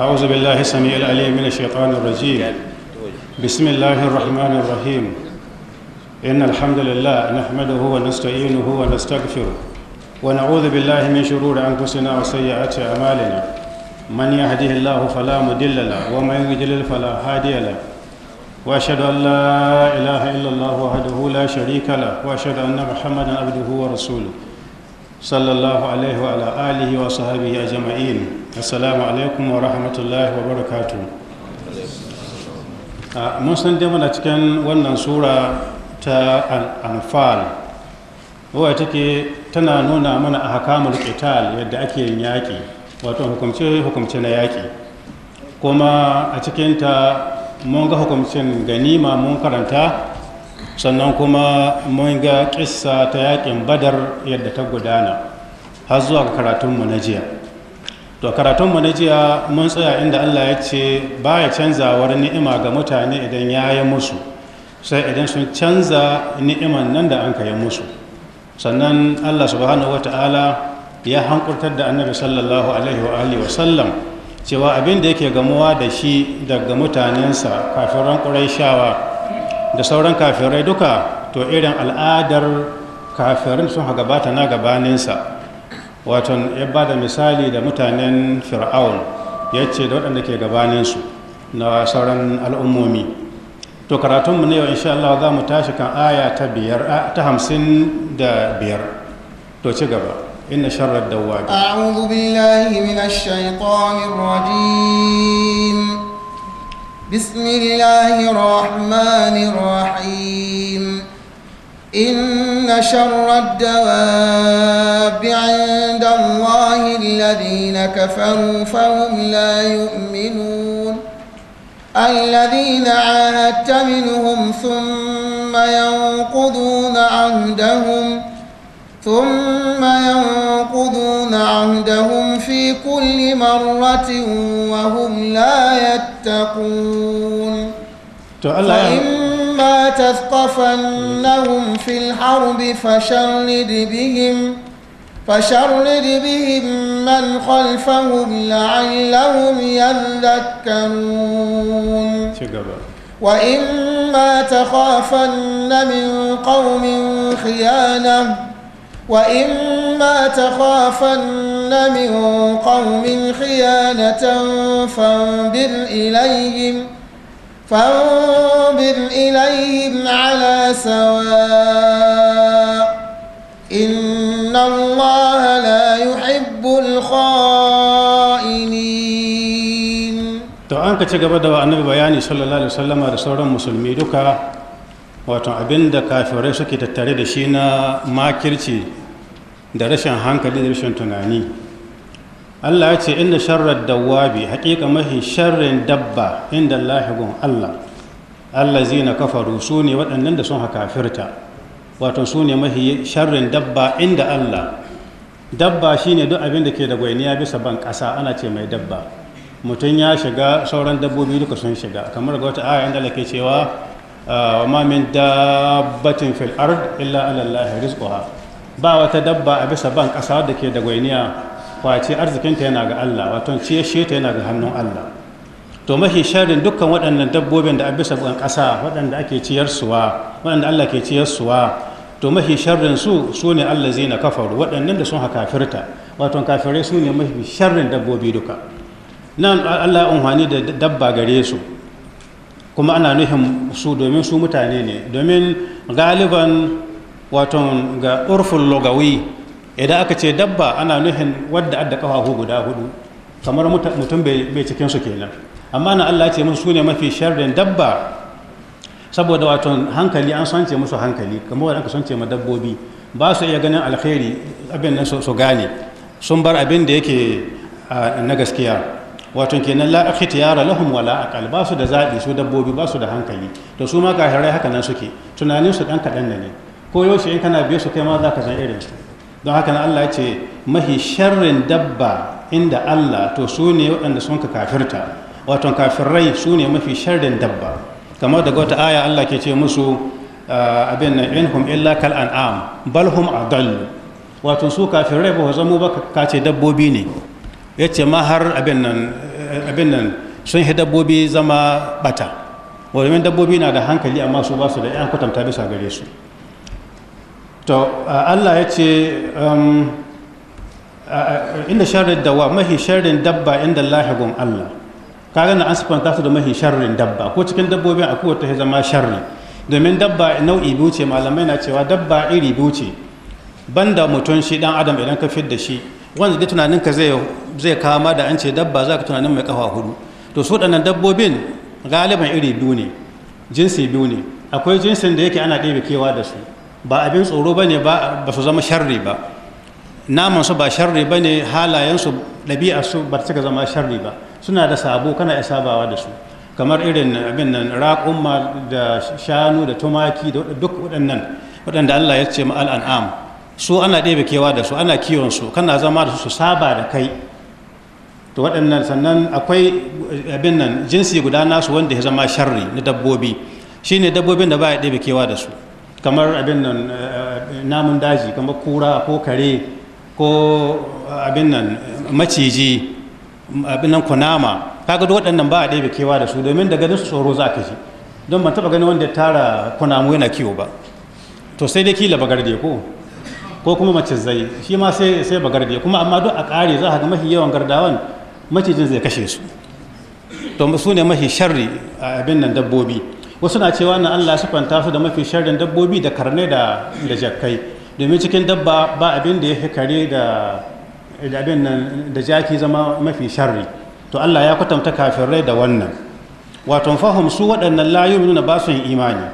أعوذ بالله السميع العليم من الشيطان الرجيم يعني بسم الله الرحمن الرحيم إن الحمد لله نحمده ونستعينه ونستغفره ونعوذ بالله من شرور أنفسنا وسيئات أعمالنا من يهده الله فلا مضل له ومن يضلل فلا هادي له واشهد ان لا اله الا الله وحده لا شريك له واشهد ان محمدا عبده ورسوله صلى الله عليه وعلى اله وصحبه اجمعين assalamu alaikum wa rahmatullahi wa barakatu ah, mun san dai da cikin wannan sura ta anfal wadda take tana nuna mana a hakamar qital yadda ake yin yaƙi wato hukumce hukumce na yaƙi kuma a cikinta mun ga hukumcin ganima mun karanta sannan kuma mun ga kissa ta yaƙin badar yadda ta gudana har zuwa karatunmu na jiya to karatunmu na jiya mun tsaya inda allah ya ce ba ya canzawar ni'ima ga mutane idan ya yi musu sai idan sun canza ni'iman nan da an musu sannan allah subhanahu wa ta'ala ya hankurtar da annabi sallallahu alaihi wa alihi sallam cewa abin da yake gamuwa da shi daga mutanensa kafiran ƙuraishawa da sauran kafirai duka to irin al'adar kafirin sun gabata na gabaninsa waton ya ba da misali da mutanen fir'aun ya ce da waɗanda ke gabaninsu na sauran al'ummomi to karatunmu ne yau insha Allah za mu tashi kan aya ta biyar ta hamsin da biyar to ci gaba إن شر الدواب أعوذ بالله من الشيطان الرجيم بسم الله الرحمن الرحيم إن شر الدواب عند الله الذين كفروا فهم لا يؤمنون الذين عاهدت منهم ثم ينقضون عهدهم ثم ينقضون عهدهم في كل مرة وهم لا يتقون فإما فإما تثقفنهم في الحرب فشرد بهم فشرد بهم من خلفهم لعلهم يذكرون وإما تخافن من قوم خيانة وإما تخافن من قوم خيانة فانبر إليهم ۖ فانظر إليهم على سواء إن الله لا يحب الخائنين to an ka ci gaba da annabi bayani sallallahu alaihi wasallama da sauran musulmi duka wato abinda kafirai suke tattare da shi na makirci da rashin hankali da rashin tunani Allah ya ce inda sharar dawabi haƙiƙa mahi sharrin dabba inda lahigun Allah Allah na kafaru su ne waɗannan da sun hakafirta wato su ne mahi sharrin dabba inda Allah dabba shine duk abin da ke da gwainiya bisa ban ƙasa ana ce mai dabba mutum ya shiga sauran dabbobi duka sun shiga kamar ga wata aya inda ke cewa ah, wa ma min dabbatin fil ard illa ala Allah rizquha ba wata dabba a bisa ban ƙasa da ke da gwainiya kwace arzikinta yana ga Allah wato ciyashe ta yana ga hannun Allah to mahi sharrin dukkan waɗannan dabbobin da a bisa ƙasa waɗanda ake ciyarsuwa waɗanda Allah ke ciyarsuwa to mahi sharrin su su ne Allah zai na kafaru waɗannan da sun hakafirta wato kafirai su ne mafi sharrin dabbobi duka nan Allah amfani da dabba gare su kuma ana nufin su domin su mutane ne domin galiban wato ga urfin logawi idan aka ce dabba ana nuhin wadda adda kafafu guda hudu kamar mutum bai cikin su kenan amma na Allah ce musu ne mafi sharrin dabba saboda wato hankali an sance musu hankali kamar wanda aka sance ma dabbobi ba su iya ganin alkhairi abin nan su gane sun bar abin da yake na gaskiya wato kenan la akhtiyara lahum wala aqal ba su da zabi su dabbobi ba su da hankali to su ma kafirai haka nan suke tunanin su dan kadan ne ko yaushe in kana biye su kai ma zaka san irin su don haka na Allah ya ce mahi sharrin dabba inda Allah to su ne waɗanda sun ka kafirta wato kafirai su ne mafi sharrin dabba kamar daga wata aya Allah ke ce musu ah, abin in hum illa kal an'am balhum adallu wato su kafirai ba zamo ba ka ce dabbobi ne ya ce ma har abin nan sun yi dabbobi zama bata domin dabbobi na da hankali amma su ba su da yan kwatanta bisa gare su to Allah ya ce um, inda sharrin dawa mahi sharrin dabba inda lahigun Allah Ka gani an sifan su da mahi sharrin dabba ko cikin dabbobin a kowace ta zama sharri domin dabba nau'i biyu ce malamai na cewa dabba iri biyu ce banda mutum shi dan adam idan ka da shi wanda da tunanin ka zai kama da an ce dabba za ka tunanin mai kafa hudu to su waɗannan dabbobin galiban iri biyu ne jinsi biyu ne akwai jinsin da yake ana ɗebe kewa da su ba abin tsoro ba ne ba su zama sharri ba naman su ba sharri ba ne halayensu su ba ta zama sharri ba suna da sabo kana iya sabawa da su kamar irin abin nan raƙumma da shanu da tumaki da duk waɗannan waɗanda allah ya ce ma'al su ana ɗebe kewa da su ana kiwon su kana zama da su su saba da kai to waɗannan sannan akwai abin nan jinsi guda nasu wanda ya zama sharri na dabbobi shine dabbobin da ba ya ɗebe kewa da su kamar abin nan eh, eh, namun daji kamar kura ko kare ko eh, abin nan maciji abin nan kunama kaga duk waɗannan ba a ɗebe kewa da su domin da ganin su tsoro za ka ji don ban taɓa ganin wanda ya tara kunamu yana kiwo ba to sai dai kila bagarde ko ko kuma mace zai shi ma sai sai bagarde kuma amma duk a ƙare za ka ga mafi yawan gardawan macijin zai kashe su to su ne mafi sharri a abin nan dabbobi wasu na cewa na Allah sifanta su da mafi sharrin dabbobi da karne da da jakkai domin cikin dabba ba abin da ya fi kare da abin nan da jaki zama mafi sharri to Allah ya kwatanta kafin rai da wannan wato fahim su waɗannan la nuna ba su yin imani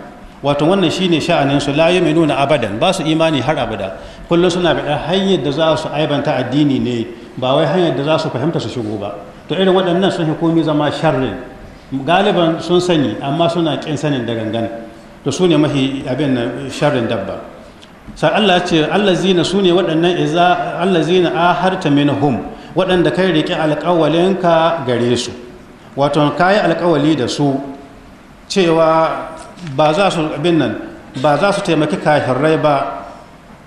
wato wannan shine sha'anin su mai nuna abadan ba su imani har abada kullum suna da hanyar da za su aibanta addini ne ba wai hanyar da za su fahimta su shigo ba to irin waɗannan sun fi komi zama sharrin galiban sun sani amma suna kin sanin da gangan to su ne mafi abin na sharrin dabba sai Allah ce su ne waɗannan iza allazina aharta minhum waɗanda kai riƙe alƙawalinka gare su wato kai alƙawali da su cewa ba za su abin nan ba za su taimaki kafirai ba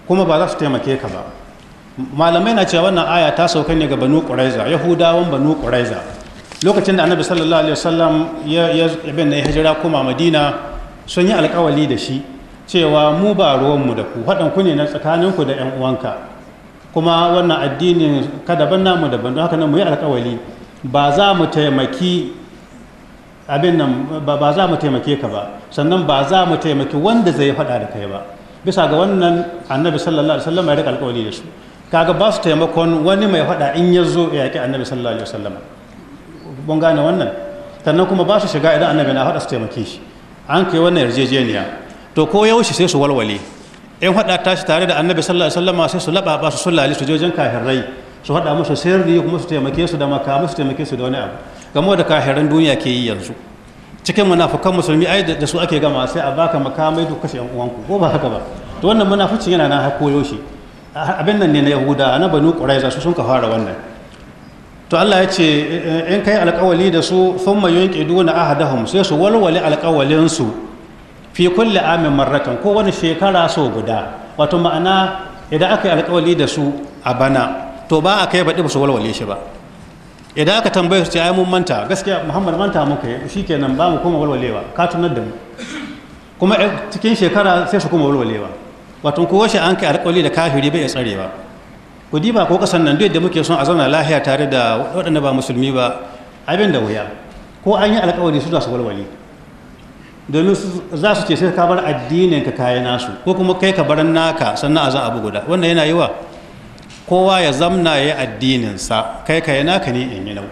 kuma ba za su taimake ka ba malamai na cewa wannan aya ta sauka ne ga banu ƙuraiza yahudawan banu ƙuraiza lokacin da annabi sallallahu alaihi wasallam ya ya ibn ya hijira kuma madina sun yi alkawali da shi cewa mu ba ruwanmu da ku haɗin ku ne na tsakaninku da yan uwanka kuma wannan addinin ka ban namu daban don haka nan mu yi alkawali ba za mu taimaki abin nan ba za mu taimake ka ba sannan ba za mu taimaki wanda zai faɗa da kai ba bisa ga wannan annabi sallallahu alaihi wasallam ya rika alkawali da su kaga ba su taimakon wani mai faɗa in ya zo ya yaƙi annabi sallallahu alaihi wasallam mun gane wannan sannan kuma ba su shiga idan annabi na faɗa su taimake shi an kai wannan yarjejeniya to ko yaushe sai su walwale in faɗa tashi tare da annabi sallallahu alaihi wasallam sai su laba ba su sullali su jojin kafirai su hada musu sirri kuma su taimake su da makamu su taimake su da wani abu game da kafiran duniya ke yi yanzu cikin munafukan musulmi ai da su ake gama sai a baka makamai duk kashe yan uwanku ko ba haka ba to wannan munafucin yana nan har shi abin nan ne na yahuda na banu quraiza su sun ka fara wannan to Allah ya ce in kai alƙawali da su sun mai yanke duna ahadahum sai su walwale alƙawalinsu fi kulle amin marratan ko wani shekara so guda wato ma'ana idan aka yi alƙawali da su a bana to ba a kai baɗi ba su walwale shi ba idan aka tambaye su ce ai mun manta gaskiya muhammad manta muka yi kenan ba mu kuma walwalewa ka tunar da mu kuma eh, cikin shekara sai su kuma walwalewa wato kowace an kai alƙawali da kafiri bai ya tsarewa ku diba ko kasan nan duk da muke son a zauna lahiya tare da waɗanda ba musulmi ba abin da wuya ko an yi alkawari su za su walwale domin za su ce sai ka bar addinin ka kayan nasu ko kuma kai ka bar naka sannan a za abu guda wannan yana yi wa kowa ya zamna ya yi addininsa kai ka yi naka ne in yi nau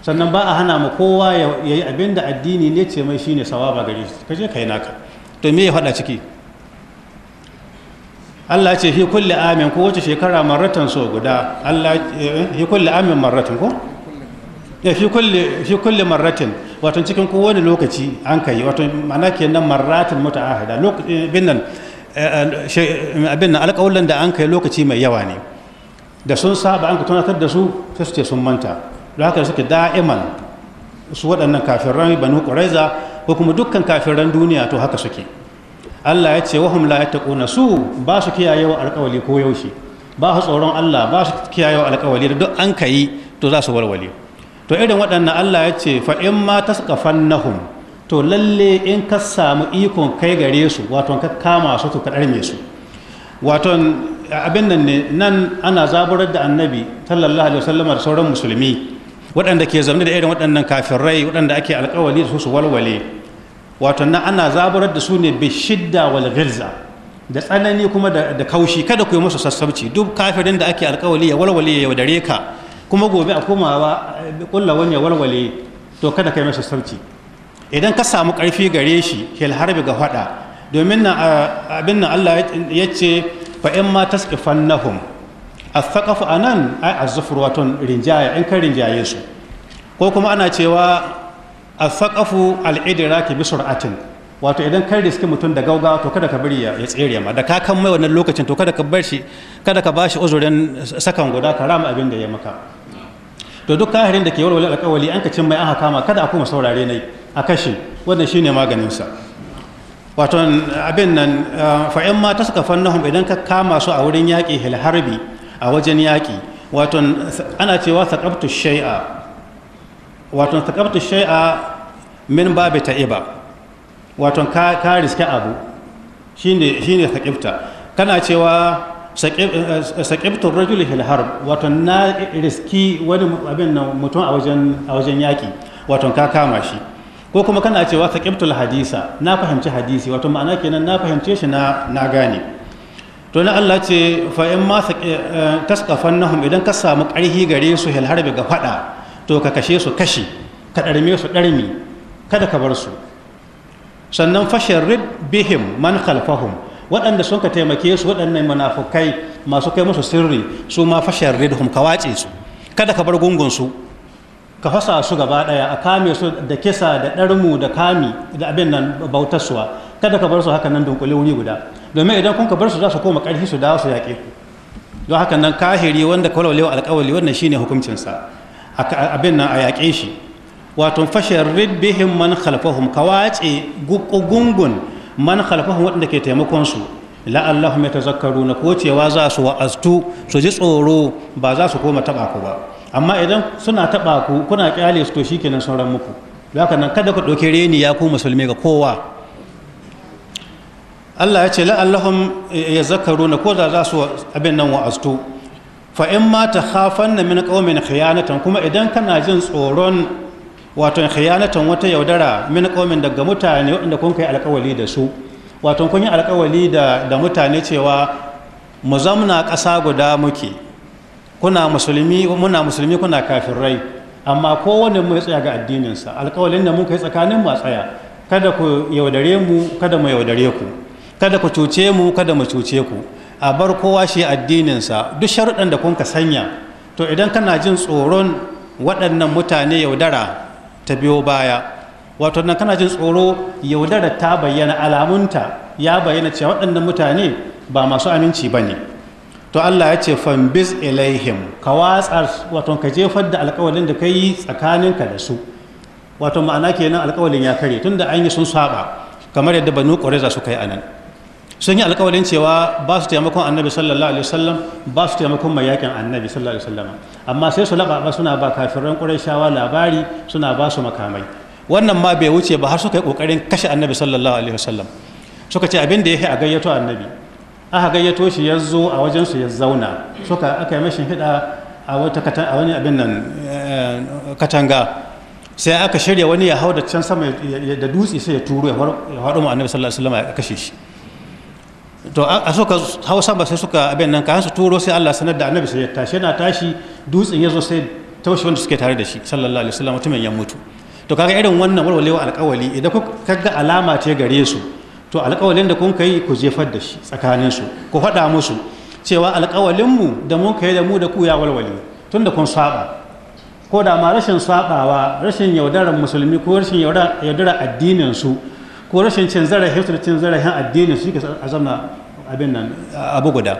sannan ba a hana ma kowa ya yi abin da addini ne ce mai shine sawaba gare shi ka je ka yi naka to me ya faɗa ciki Allah ce fi kulli amin ko wace shekara marratan so guda Allah fi eh, kulli amin marratin ko ya eh, fi kulli fi kulli marratin wato cikin kowane lokaci an kai wato ma'ana kenan marratin mutaahida bin nan eh, abin nan alƙawlan da an kai lokaci mai yawa ne da sun saba an ka tunatar da su sai su ce sun manta don haka suke da'iman su waɗannan kafirran banu ƙuraiza ko kuma dukkan kafirran duniya to haka suke Allah ya ce wahum la yattaquna su ba su kiyayewa alƙawali ko yaushe ba su tsoron Allah ba su kiyayewa alƙawali da duk an kai to za su walwale to irin waɗannan Allah ya ce fa in ma tasqafannahum to lalle in ka samu ikon kai gare su wato ka kama su ka darme su wato abin nan ne nan ana zaburar da annabi sallallahu alaihi wasallam da sauran musulmi waɗanda ke zaune da irin waɗannan kafirai waɗanda ake alƙawali da su su walwale wato nan ana zaburar da su ne bi shidda wal ghilza da tsanani kuma da kaushi kada ku yi musu sassabci duk kafirin da ake alkawali ya walwale ya yaudare ka kuma gobe a komawa eh, kulla wani ya walwale to kada ka yi masa sassabci idan ka samu karfi gare shi hil harbi ga fada domin na eh, abin nan Allah ya ce fa in ma tasqifannahum as-saqafu anan ay az-zufru rinjaya in ka rinjaye su ko kuma ana cewa a saƙafu al'idira ke sur'atin wato idan kai riski mutum da gauga to kada ka bari ya tsere ma da ka kan mai wannan lokacin to kada ka bar shi kada ka bashi uzurin sakan guda ka rama abin da ya maka to duk kahirin da ke walwala alƙawali an ka cin mai an kama kada a kuma saurare nai a kashe wannan shine maganin sa wato abin nan ah, fa'in ma ta suka fannahum idan ka kama su a wurin yaƙi hilharbi a wajen yaƙi wato ana cewa saƙabtu shai'a wato takabtu shai'a min babu ta'iba wato ka ka riske abu shine shine takibta kana cewa sakibtu rajuli fil harb wato na riski wani abin nan mutum a wajen a wajen yaki wato ka kama shi ko kuma kana cewa sakibtul hadisa na fahimci hadisi wato ma'ana kenan na fahimce shi na gane to na Allah ce fa in ma eh, tasqafannahum idan ka samu ƙarhi gare su hil harbi ga fada to ka kashe su kashi ka ɗarme su ɗarmi kada ka bar su sannan fashin rib bihim man khalfahum waɗanda sun ka taimake su waɗannan munafukai masu kai musu sirri su ma fashin ridhum ka wace su kada ka bar gungun su ka fasa su gaba ɗaya a kame su da kisa da ɗarmu da kami da abin nan bautaswa. kada ka bar su haka nan dunkule wuri guda domin idan kun ka bar su za su koma ƙarfi su dawo su yaƙe ku don haka nan kahiri wanda kawalwalewa alƙawali wannan shine hukuncinsa abin nan a yaƙe shi wato fashin ribihin man khalfahum ka wace gungun man khalfahum waɗanda ke taimakon su ta zakaru na cewa za su wa'aztu su ji tsoro ba za su koma taɓa ku ba amma idan suna taɓa ku kuna ƙyale su to shi kenan sauran muku haka nan kada ku ɗauki reni ya ku musulmi ga kowa Allah ya ce ya zakaru na ko za su abin nan wa'aztu fa in ma ta hafan na min khiyanatan kuma idan kana jin tsoron wato khiyanatan wata yaudara min daga mutane waɗanda kun kai alƙawali da su wato kun yi alƙawali da mutane cewa mu zamna ƙasa guda muke kuna musulmi muna musulmi kuna kafirai amma kowane mu ya tsaya ga addininsa alƙawalin da muka yi tsakanin mu a tsaya kada ku yaudare mu kada mu yaudare ku kada ku cuce mu kada mu cuce ku a bar kowa shi addininsa duk sharuɗan da kun sanya to idan kana jin tsoron waɗannan mutane yaudara ta biyo baya wato nan kana jin tsoro yaudara ta bayyana alamunta ya bayyana cewa waɗannan mutane ba masu aminci ba ne to Allah ya ce fambis ilaihim ka watsar wato ka jefar da alkawalin da ka yi tsakaninka da su wato ma'ana kenan alkawalin ya kare tunda an yi sun saba kamar yadda banu za suka yi anan sun yi alkawarin cewa ba su taimakon annabi sallallahu alaihi wasallam ba su taimakon mai yakin annabi sallallahu alaihi wasallam amma sai su laba suna ba kafirin shawa labari suna ba su makamai wannan ma bai wuce ba har suka yi kokarin kashe annabi sallallahu alaihi wasallam suka ce abin da yake a gayyato annabi aka gayyato shi ya zo a wajen su ya zauna suka aka yi mashi hida a wata a wani abin nan eh, katanga sai aka shirya wani ya hau da can sama da dutse sai ya turo ya faɗo mu annabi sallallahu alaihi wasallam ya kashe shi to a suka hau sama sai suka abin nan kayan su turo sai Allah sanar da annabi sai ya tashi yana tashi dutsen ya zo sai taushe wanda suke tare da shi sallallahu alaihi wasallam mutumin ya mutu to kaga irin wannan walwalewa alƙawali idan ku kaga alama ce gare su to alƙawalin da kun kai ku jefar da shi tsakanin su ku faɗa musu cewa alƙawalin mu da mun kai da mu da ku ya walwale tun da kun saba ko da ma rashin sabawa rashin yaudarar musulmi ko rashin yaudarar addinin su ko rashin cin zarafin su cin zarafin addini su ke zama abin nan abu guda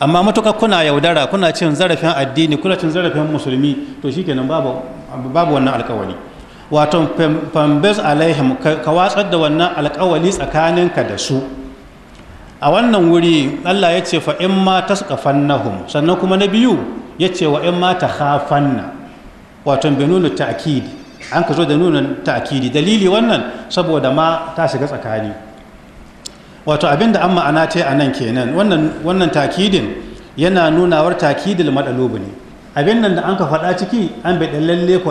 amma matuƙa kuna yaudara kuna cin zarafin addini kuna cin zarafin musulmi to shikenan babu babu wannan alkawari wato fambes alaihim ka watsar da wannan alkawali tsakaninka da su a wannan wuri allah ya ce fa'in ma ta nahum sannan kuma na biyu ya ce wa ma ta wato benulu ta'kidi an ka zo da nunin ta'kidi dalili wannan saboda ma ta shiga tsakani wato abinda an ma'ana ta yi a nan kenan wannan wannan takidin yana nunawar takidil madalubu ne abin nan da an ka faɗa ciki an bai dan lalle ku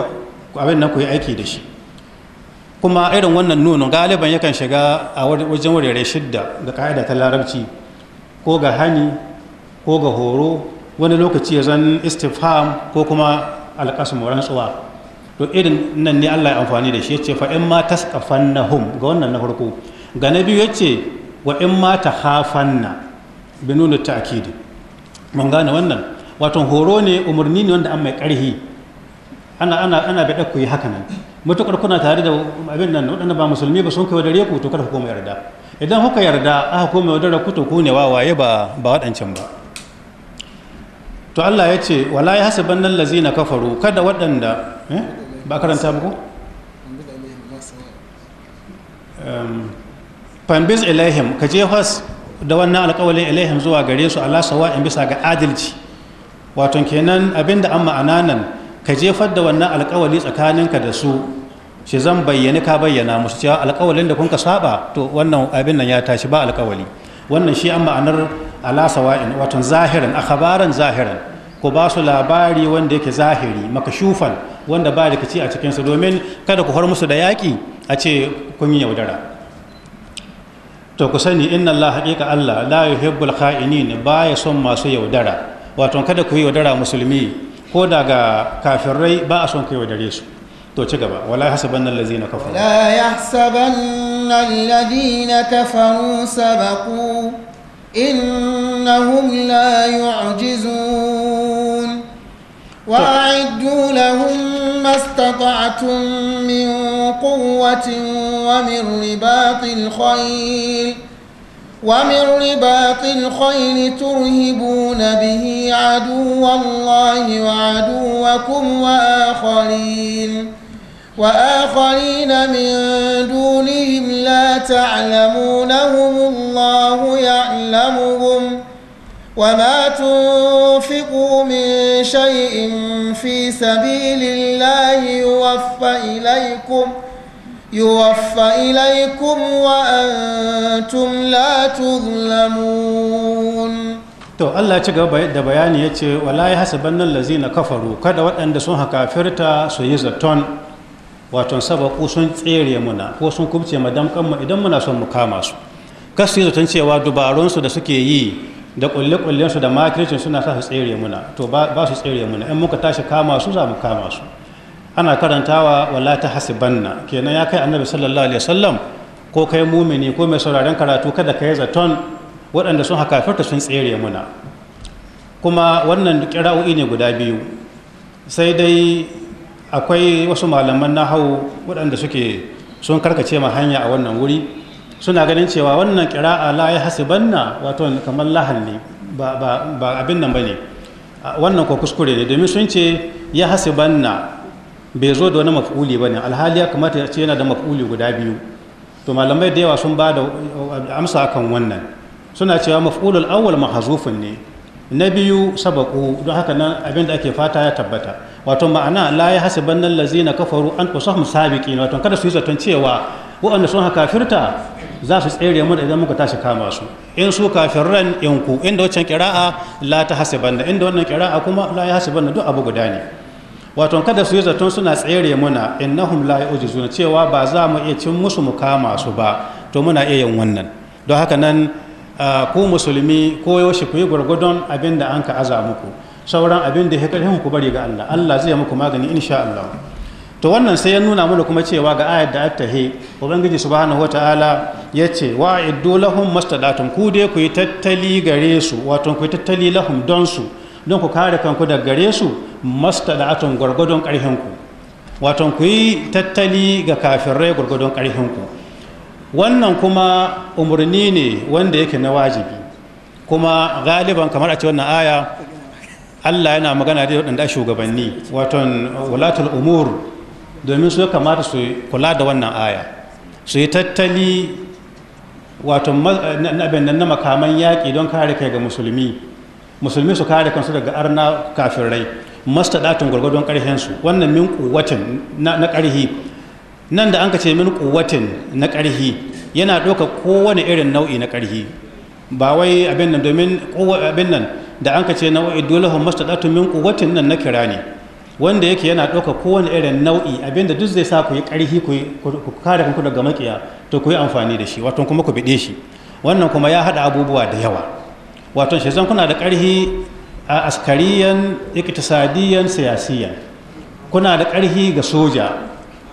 abin nan ku yi aiki da shi kuma irin wannan nuna, galiban yakan shiga a wajen wurare shidda da ka'ida ta larabci ko ga hani ko ga horo wani lokaci ya zan istifham ko kuma alƙasmu rantsuwa to irin nan ne Allah ya amfani da shi ya ce fa in ma hum ga wannan na farko ga na biyu yace wa in ma tahafanna bi nunu ta'kid mun gane wannan wato horo ne umarni ne wanda an mai karhi ana ana ana bada ku yi haka nan mutukar kuna tare da abin nan wadanda ba musulmi ba sun kai wadare ku to kada ku yarda idan kuka yarda aka koma wadare ku to ku ne wawaye ba ba wadancan ba to Allah ya ce wala hasabannal na kafaru kada wadanda eh? ba karanta buku? ko elahim um, ka je has da wannan alƙawalin elahim zuwa gare su ala in bisa ga adalci wato kenan abinda an ma'ana nan ka jefar da wannan alƙawali tsakaninka da su shi zan bayyani ka bayyana musu cewa alƙawalin da kun saba to wannan abin nan ya tashi ba alƙawali wannan shi an ma'anar ala sawa'in wato zahiran akhbaran zahiran ku ba su labari wanda yake zahiri makashufan wanda ba da kaci a cikinsu domin kada ku har musu da yaƙi a ce kun yi yaudara to ku sani inna Allah haƙiƙa Allah la yuhibbul kha'inin baya son masu yaudara wato kada ku yi yaudara musulmi ko daga kafirai ba a son ku yaudare su to ci gaba wala hasabanna allazina kafaru la yahsabanna allazina kafaru sabaqu إنهم لا يعجزون وأعدوا لهم ما استطعتم من قوة ومن رباط الخيل ومن رباط الخيل ترهبون به عدو الله وعدوكم وآخرين وآخرين من دونهم لا تعلمونهم الله يعلمهم وما تنفقوا من شيء في سبيل الله يوفى إليكم يوفى إليكم وأنتم لا تظلمون to Allah ci gaba da bayani ya ce wala ya hasabannan lazina kafaru kada waɗanda sun haka firta su yi zaton wato sabaku sun tsere muna ko sun kubce ma damkan idan muna son mu kama su kasu su yi zaton cewa su da suke yi da kulle-kullen su da makircin suna sa su tsere muna to ba su tsere muna in muka tashi kama su za mu kama su ana karantawa wala ta hasibanna kenan ya kai annabi sallallahu alaihi wasallam ko kai mumini ko mai sauraren karatu kada ka yi zaton waɗanda sun hakafarta sun tsere muna kuma wannan kira'o'i ne guda biyu sai dai akwai wasu malaman hau waɗanda suke sun karkace ma hanya a wannan wuri suna ganin cewa wannan kira'a la ya banna wato kamar lahan ba abin nan bane wannan ko kuskure ne domin sun ce ya hasi banna bai zo da wani maf'uli ne alhali ya kamata ce yana da maf'uli guda biyu to malamai da yawa sun ba da uh, amsa akan wannan suna cewa maf'ulul awwal mahzufun ne na biyu sabaku don haka nan abin da ake fata ya tabbata wato ma'ana la ya hasiban nan lazina kafaru an sabiki ne. wato kada su yi zaton cewa waɗanda sun kafirta za su tsere mu idan muka tashi kama su in su kafirran in ku inda wancan kira'a la ta hasiban inda wannan kira'a kuma la ya hasiban duk abu guda ne wato kada su yi zaton suna tsere muna innahum la ya'jizuna cewa ba za mu iya cin musu mu kama su ba to muna iya yin wannan don haka nan ah, ku musulmi ko yaushe ku yi gwargwadon abin da an ka aza muku sauran abin da ya karfi muku bari ga Allah Allah zai muku magani sha Allah to wannan sai ya nuna mana kuma cewa ga ayat da he ubangiji subhanahu wataala ce wa iddu lahum mastadatum ku dai ku yi tattali gare su wato ku yi tattali lahum don su don ku kare kanku daga gare su mastadatum gwargwadon karfin ku wato ku yi tattali ga kafirai gurgudun karfin ku wannan kuma umarni ne wanda yake na wajibi kuma galiban kamar a ce wannan aya Allah yana magana da waɗanda shugabanni waton wulatul umur domin su kamata su kula da wannan aya su yi tattali wato na makaman yaƙi don kare kai ga musulmi musulmi su kare kansu daga arna kafirai mastaɗatin gwargwadon ƙarfinsu wannan min kuwatin na ƙarhi nan da an ka ce min kuwatin na ƙarhi yana ɗauka kowane irin nau'i na ƙarhi ba wai abin nan domin abin nan da an ka ce nau'i masta mastadatu min kuwatin nan na kira ne wanda yake yana ɗauka kowane irin nau'i abinda duk zai sa ku yi ƙarfi ku kare kanku daga makiya to ku yi amfani da shi wato kuma ku biɗe shi wannan kuma ya haɗa abubuwa da yawa wato shi zan kuna da ƙarfi a askariyan iktisadiyan siyasiyan kuna da ƙarfi ga soja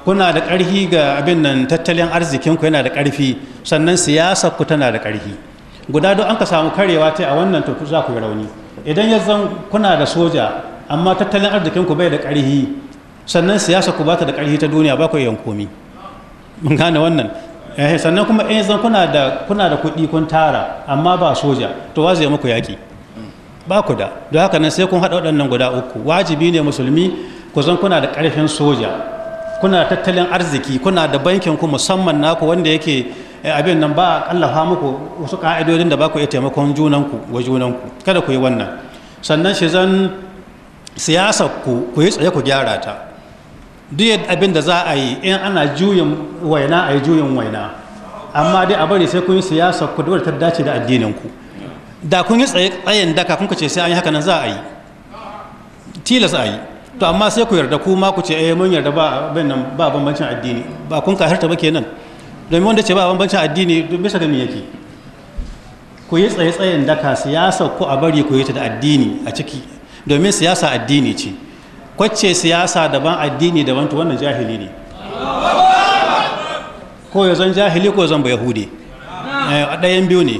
kuna da ƙarfi ga abin nan tattalin arzikinku yana da ƙarfi sannan siyasar ku tana da ƙarfi guda duk an ka samu karewa ta a wannan to za ku yi rauni idan ya zan kuna da soja amma tattalin arzikin ku bai da ƙarhi sannan siyasa ku ba ta da ƙarhi ta duniya ba ku yan komi mun gane wannan eh sannan kuma in zan kuna da kuna da kuɗi kun tara amma ba soja to wa zai muku yaƙi ba ku da don haka nan sai kun haɗa waɗannan guda uku wajibi ne musulmi ku zan kuna da ƙarfin soja kuna tattalin arziki kuna da bankin ku musamman naku wanda yake Eh, abin nan ba a kallafa muku wasu ka'idodin da ba ku iya taimakon junanku wa junanku kada ku yi wannan sannan shi zan siyasar ku ku yi tsaye ku gyara ta duk abin da za a yi in ana juyin waina a yi juyin waina amma dai a bari sai kun yi siyasar ku da ta dace da addinin ku da kun yi tsaye tsayin da kafin ku ce sai an yi haka nan za a yi tilas a yi to amma sai ku yarda ku ma ku ce eh mun yarda ba abin nan ba bambancin addini ba kun kahirta ba kenan domin wanda ce ba bambancin addini bisa ga me yake ku yi tsaye-tsayen daka siyasa ko a bari ku yi ta da addini a ciki domin siyasa addini ce kwacce siyasa daban addini daban to wannan jahili ne ko ya zan jahili ko zan ba yahudi eh, a ɗayan biyu ne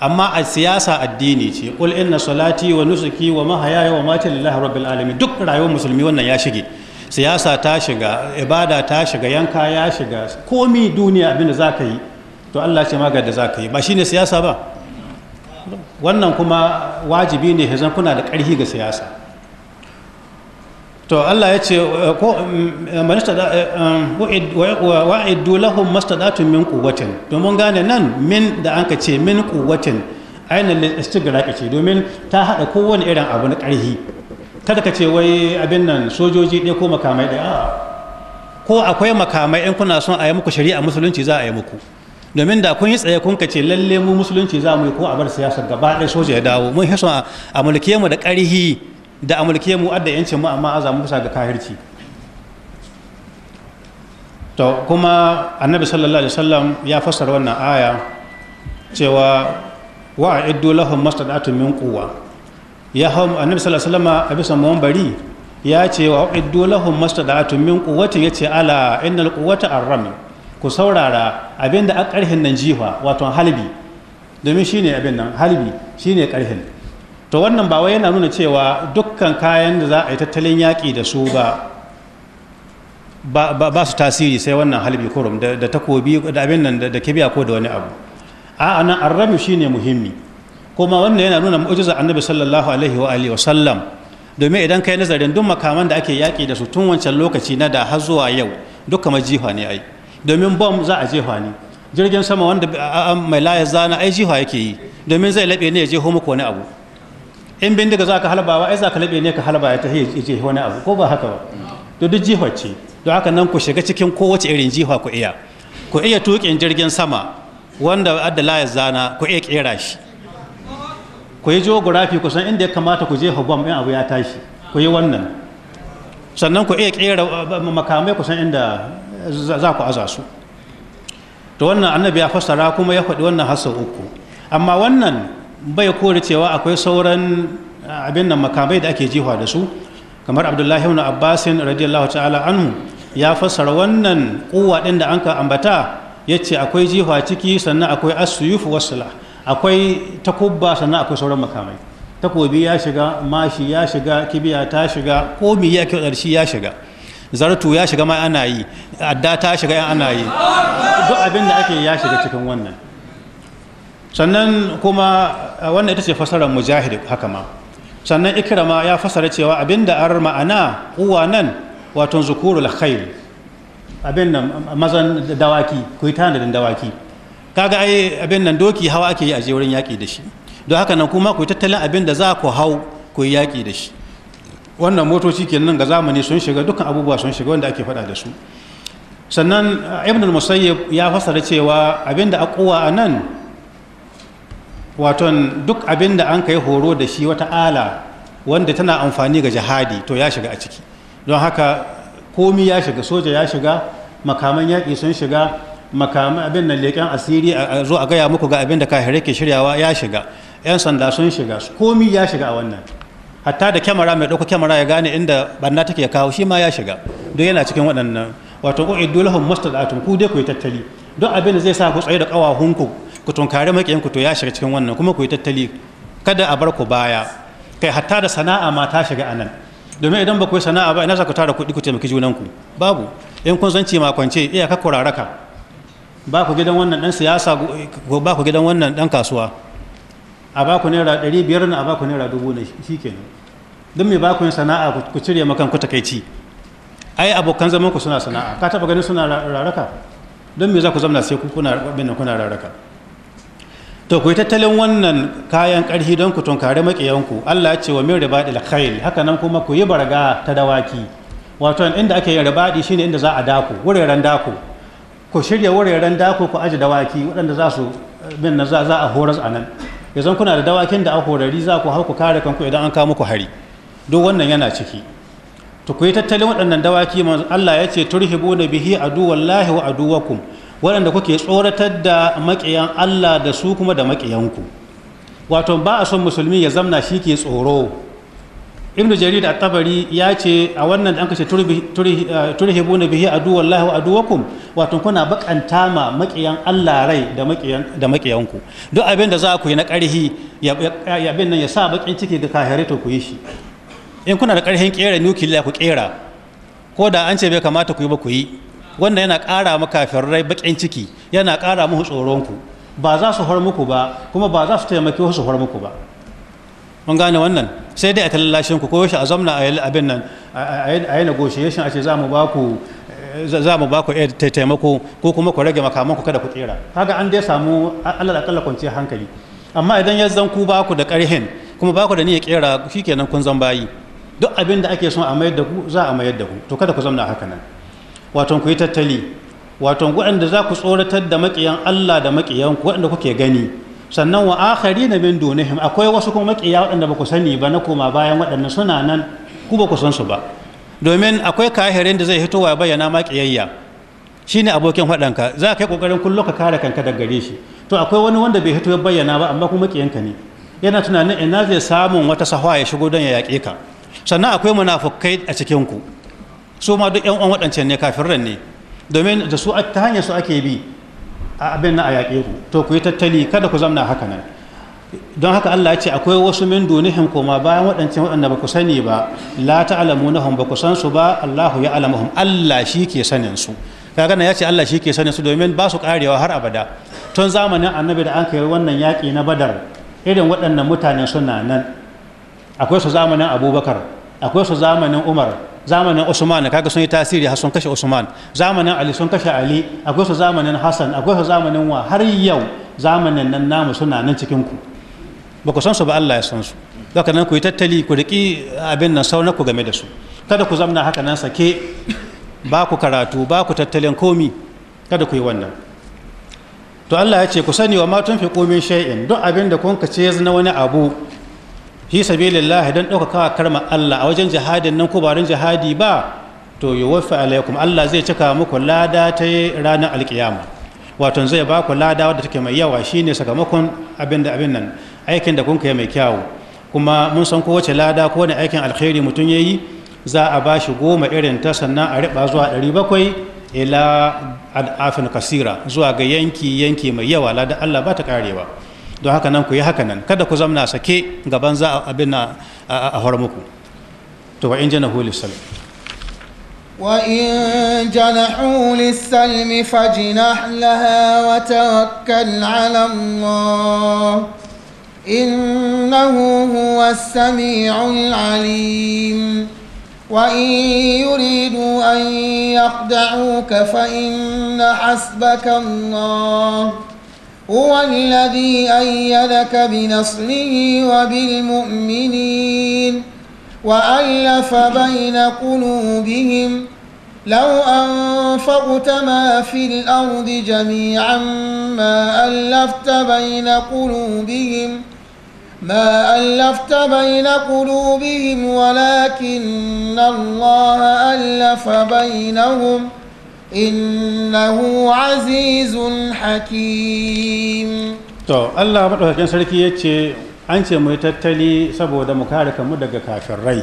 amma a siyasa addini ce qul inna salati wa nusuki wa mahayaya wa matin lillahi rabbil alamin duk rayuwar musulmi wannan ya shige siyasa ta shiga ibada ta shiga yanka ya shiga komi duniya abin da za ka yi to allah ce magar da za ka yi ba shine siyasa ba wannan kuma wajibi ne hezan kuna da ƙarfi ga siyasa to allah ya ce eh, eh, eh, wa'iddu lahum mastadatun min quwwatin to mun gane nan min da an ka ce min quwwatin ainihin istigraki ce domin ta haɗa kowane irin abu na ƙarfi kada ka ce wai abin nan sojoji ɗaya ko makamai ɗaya ko akwai makamai in kuna son a yi muku shari'a musulunci za a yi muku domin da kun yi tsaye kun ce lalle mu musulunci za mu yi ko a bar siyasar gaba ɗaya soja ya dawo mun hiso a mulke mu da ƙarhi da a mulke mu adda yancin mu amma aza mu bisa ga kahirci to kuma annabi sallallahu alaihi wasallam ya fassara wannan aya cewa wa a'iddu lahum mastada'atun min quwwa ya hau annabi sallallahu alaihi wasallam a bisa mambari ya ce wa iddu lahum mastada'atun min quwwati yace ala innal quwwata arrami ku saurara abinda a karhin nan jifa wato halbi domin shine abin nan halbi shine karhin to wannan ba wai yana nuna cewa dukkan kayan da za a yi tattalin yaƙi da su ba ba su tasiri sai wannan halbi kurum da takobi da abin nan da kibiya ko da wani abu a'a nan arrami shine muhimmi kuma wannan yana nuna mu'jizar annabi sallallahu alaihi wa alihi wa sallam domin idan kai nazarin duk makaman da ake yaƙi da su tun wancan lokaci na da har zuwa yau duk kamar jiha ne ai domin bom za a jefa ne jirgin sama wanda mai layar zana ai jiha yake yi domin zai laɓe ne ya jeho muku wani abu in bindiga za ka halbawa ai za ka laɓe ne ka halba ya tafi ya jeho wani abu ko ba haka ba to duk jiha ce don haka nan ku shiga cikin kowace irin jiha ku iya ku iya tuƙin jirgin sama wanda adda layar zana ku iya ƙera shi ku yi gurafi ku san inda ya kamata ku jefa bom in abu ya tashi ku yi wannan sannan ku iya kera eh, makamai ku san inda za ku aza su to wannan annabi ya fassara kuma ya faɗi wannan hasa uku amma wannan bai kori cewa akwai sauran eh, abin nan makamai da ake jiha da su kamar abdullahi ibn abbasin radiyallahu ta'ala anhu ya fassara wannan kuwa ɗin da anka ambata ya ce akwai jiwa ciki sannan akwai asuyufu wasula akwai takubba sannan akwai sauran makamai takobi ya shiga mashi ya shiga kibiya ta shiga komi ya kyau ya shiga zartu ya shiga ma ana yi adda ta shiga ana yi duk abin da ake ya shiga cikin wannan sannan kuma wannan ita ce fasarar mujahid haka ma sannan ikrama ya fasara cewa abinda ar ma'ana uwa nan wato zukurul khair abin nan mazan dawaki ku yi tanadin dawaki kaga ai abin nan doki hawa ake yi a je wurin yaƙi da shi don haka nan kuma ku tattalin abin da za ku hau ku yi yaƙi da shi wannan motoci ke nan ga zamani sun shiga dukkan abubuwa sun shiga wanda ake faɗa da su sannan eh, ibn musayyib ya fassara cewa abin da akuwa a nan waton duk abin da an kai horo da shi wata ala wanda tana amfani ga jihadi to ya shiga a ciki don haka komi ya shiga soja ya shiga makaman yaƙi sun shiga makama abin nan leƙen asiri a zo a gaya muku ga abin da kahire ke shiryawa ya shiga yan sanda sun shiga komi ya shiga a wannan hatta da kyamara mai ɗauko kyamara ya gane inda barna take kawo shi ma ya shiga don yana cikin waɗannan wato ku iddu lahum mustada'atun ku dai ku yi tattali don abin da zai sa ku tsaye da ƙawahunku ku tunkari ku to ya shiga cikin wannan kuma ku yi tattali kada a bar ku baya kai hatta da sana'a ma ta shiga a nan domin idan ba ku yi sana'a ba ina za ku tara kuɗi ku taimaki junanku babu in kun zanci makwance iyaka ku ba ku gidan wannan dan siyasa ko ba ku gidan wannan dan kasuwa a ba ku naira ɗari biyar ne a ba ku naira dubu ne shi kenan don me ba ku yin sana'a ku cire makan ku takaici ai abokan zaman ku suna sana'a ka taɓa ganin suna raraka don me za ku na sai ku kuna bin kuna raraka to ku yi tattalin wannan kayan ƙarfi don ku tunkari maƙiyanku Allah ya ce wa min ribaɗi khayl haka nan kuma ku yi barga ta dawaki wato inda ake yin ribaɗi shine inda za a dako wuraren dako ku shirya wuraren dako ku aji dawaki waɗanda za su bin na za a horas a nan yanzu kuna da dawakin da a horari za ku hau ku kare kanku idan an kawo muku hari duk wannan yana ciki to ku yi tattalin waɗannan dawaki Allah ya ce turhibu na bihi wallahi wa aduwakum waɗanda kuke tsoratar da maƙiyan Allah da su kuma da maƙiyanku wato ba a son musulmi ya zamna shi ke tsoro ibnu jarir at-tabari ya ce a wannan da an kace eh, turhibu na bihi adu wallahi wa aduwakum wato kuna bakanta ma makiyan Allah rai da makiyan da makiyanku duk abin da za ku yi na karhi ya bin nan ya sa bakin ciki ga kahirai to ku yi shi in kuna da karhin kera nukiliya ku kera ko da an ce bai kamata ku yi ba ku yi wannan yana kara maka rai bakin ciki yana kara muku tsoronku ba za su hor muku ba kuma ba za su taimake su hor muku ba mun gane wannan sai dai a tallashin ku ko shi a zamna a abin nan a yi negotiation a ce za mu ba ku eh, za mu ba ku taimako ko kuma ku rage makaman ku kada ku tsira kaga an dai samu alal akalla kwanciyar hankali amma idan ya zan ku ba ku da karhin kuma ba ku da niyya kera shikenan kun zan bayi duk abin da ake son a mayar da ku za a mayar da ku to kada ku zamna haka nan wato ku yi tattali wato waɗanda za ku tsoratar da maƙiyan Allah da maƙiyan ku waɗanda kuke gani sannan wa akhari na min dunihim akwai wasu kuma makiya waɗanda ba ku sani ba na koma bayan waɗanda suna nan ku ba ku san su ba domin akwai kahirin da zai hito wa bayyana ma shi shine abokin faɗanka za ka yi ƙoƙarin kullum ka kare kanka daga gare shi to akwai wani wanda bai hito ya bayyana ba amma kuma kiyanka ne yana tunanin ina zai samun wata sahwa ya shigo don ya yaƙe ka sannan akwai munafukai a cikin ku su ma duk yan uwan waɗancan ne kafirran ne domin da su ta hanyar su ake bi a abin na a yaƙe ku to ku yi tattali kada ku zamna haka nan don haka Allah ya ce akwai wasu min dunihim koma bayan waɗancan waɗanda ba ku sani ba la ta'lamunahum ba ku san su ba Allahu ya alamuhum Allah shi ke sanin su kaga nan ya ce Allah shi ke sanin su domin ba su karewa har abada tun zamanin annabi da an kai wannan yaƙi na badar irin waɗannan mutane suna nan akwai su zamanin abubakar akwai su zamanin umar zamanin usman kaga sun yi tasiri har sun kashe usman zamanin ali sun kashe ali akwai su zamanin hassan akwai su zamanin wa har yau zamanin nan namu suna nan cikin ku ba ku san su ba allah ya san su haka nan ku yi tattali ku riƙi abin nan sau na ku game da su kada ku zamna haka nan sake ba ku karatu ba ku tattalin komi kada ku yi wannan to allah ya ce ku sani wa ma tun fi komin shay'in duk abin da kun kace ce na wani abu fi sabilillah dan ɗaukaka karma Allah a wajen jihadin nan ko ba jihadi ba to yuwaffi alaikum Allah zai cika muku lada ta ranar alkiyama wato zai ba ku lada wadda take mai yawa shine sakamakon abin da abin nan aikin da kun kai mai kyawu kuma mun san kowace lada ko wani aikin alkhairi mutum ya yi za a ba shi goma irin ta sannan a riba zuwa ɗari bakwai ila al'afin kasira zuwa ga yanki yanki mai yawa Lada Allah ba ta karewa don haka nan ku yi haka nan kada ku zamna sake gaban za a na a hor muku to wa in na hulis salam wa in jana hulis salmi fajina laha wa tawakkal ala Allah innahu وإن يريدوا أن يخدعوك فإن حسبك الله هو الذي أيدك بنصره وبالمؤمنين وألف بين قلوبهم لو أنفقت ما في الأرض جميعا ما ألفت بين قلوبهم ما ألفت بين قلوبهم ولكن الله ألف بينهم ۖ innahu azizun hakim to Allah madaukakin sarki yace an ce mu tattali saboda mu kare kanmu daga kafirai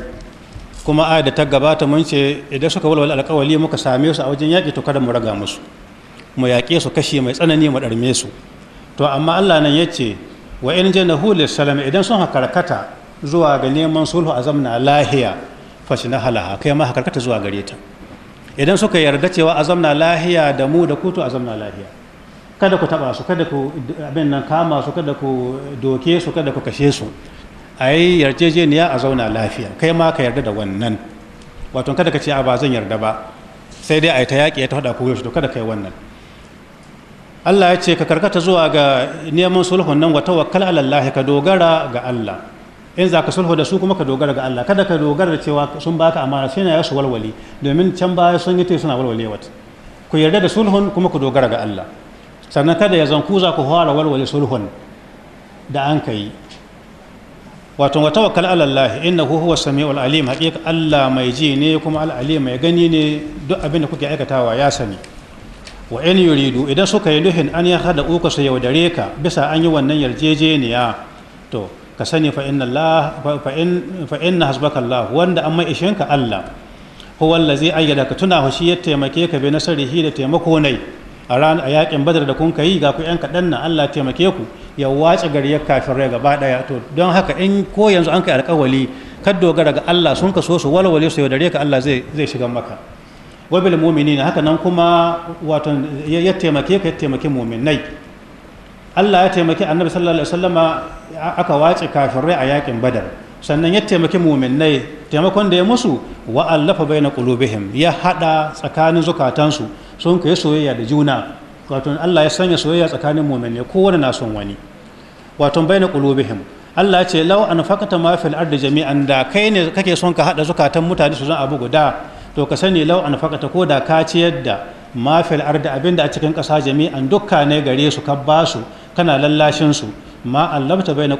kuma a da ta gabata mun ce idan suka walwala alƙawali muka same su a wajen yaƙi to kada mu raga musu mu yaƙe su kashi mai tsanani mu ɗarme su to amma Allah nan yace wa in janahu salam idan sun hakarkata zuwa ga neman sulhu a zamna lahiya fashi na halaha kai ma hakarkata zuwa gare ta idan suka yarda cewa a zamna lahiya da mu da kutu a zamna lahiya kada ku taba su kada ku abin nan kama su kada ku doke su kada ku kashe su a yi yarjejeniya a zauna lafiya kai ma ka yarda da wannan wato kada ka ce a ba zan yarda ba sai dai a yi ta yaƙi ya ta haɗa kuwa shi to kada ka yi wannan Allah ya ce ka karkata zuwa ga neman sulhun nan wa tawakkal ala Allah ka dogara ga Allah in za ka sulhu da su kuma ka dogara ga Allah kada ka dogara da cewa sun baka amana sai na yasu walwale domin can baya sun yi suna walwale wata ku yarda da sulhun kuma ku dogara ga Allah sannan kada ya zan ku za ku fara walwale sulhun da an ka yi wato wa tawakkal ala Allah innahu huwa samiul alim haqiqa Allah mai ji ne kuma al alim mai gani ne duk abin da kuke aikatawa ya sani wa in yuridu idan suka yi duhin an ya hada uku su yaudare ka bisa an yi wannan yarjejeniya to ka sani fa inna Allah wanda an fa hasbaka Allah wanda amma ishinka Allah huwa ayyadaka tuna shi ya taimake ka bi nasarihi da taimako nai a ran a yakin badar da kun kai ga ku yan kadan na, Allah taimake ku ya wace gariyar kafirai gaba daya to don haka in ko yanzu an kai alƙawali kad dogara ga Allah sun ka so su walwale su yaudare ka Allah zai zai shiga maka wabil mu'minina haka nan kuma wato ya taimake ka ya taimake mu'minai Allah ya taimaki annabi sallallahu alaihi wasallama aka wace kafirai a yakin badar sannan ya taimaki muminai taimakon da ya musu wa allafa baina qulubihim ya hada tsakanin zukatansu sun kai soyayya da juna wato Allah ya sanya soyayya tsakanin muminai kowanne na son wani wato baina qulubihim Allah ya ce law anfaqta ma fil ardi jami'an da kai ne kake son ka hada zukatan mutane su zan abu guda to ka sani law anfaqta ko da ka ciyar da ma fil ardi abinda a cikin kasa jami'an dukkan ne gare su ka ba su kana lallashin su ma allabta baina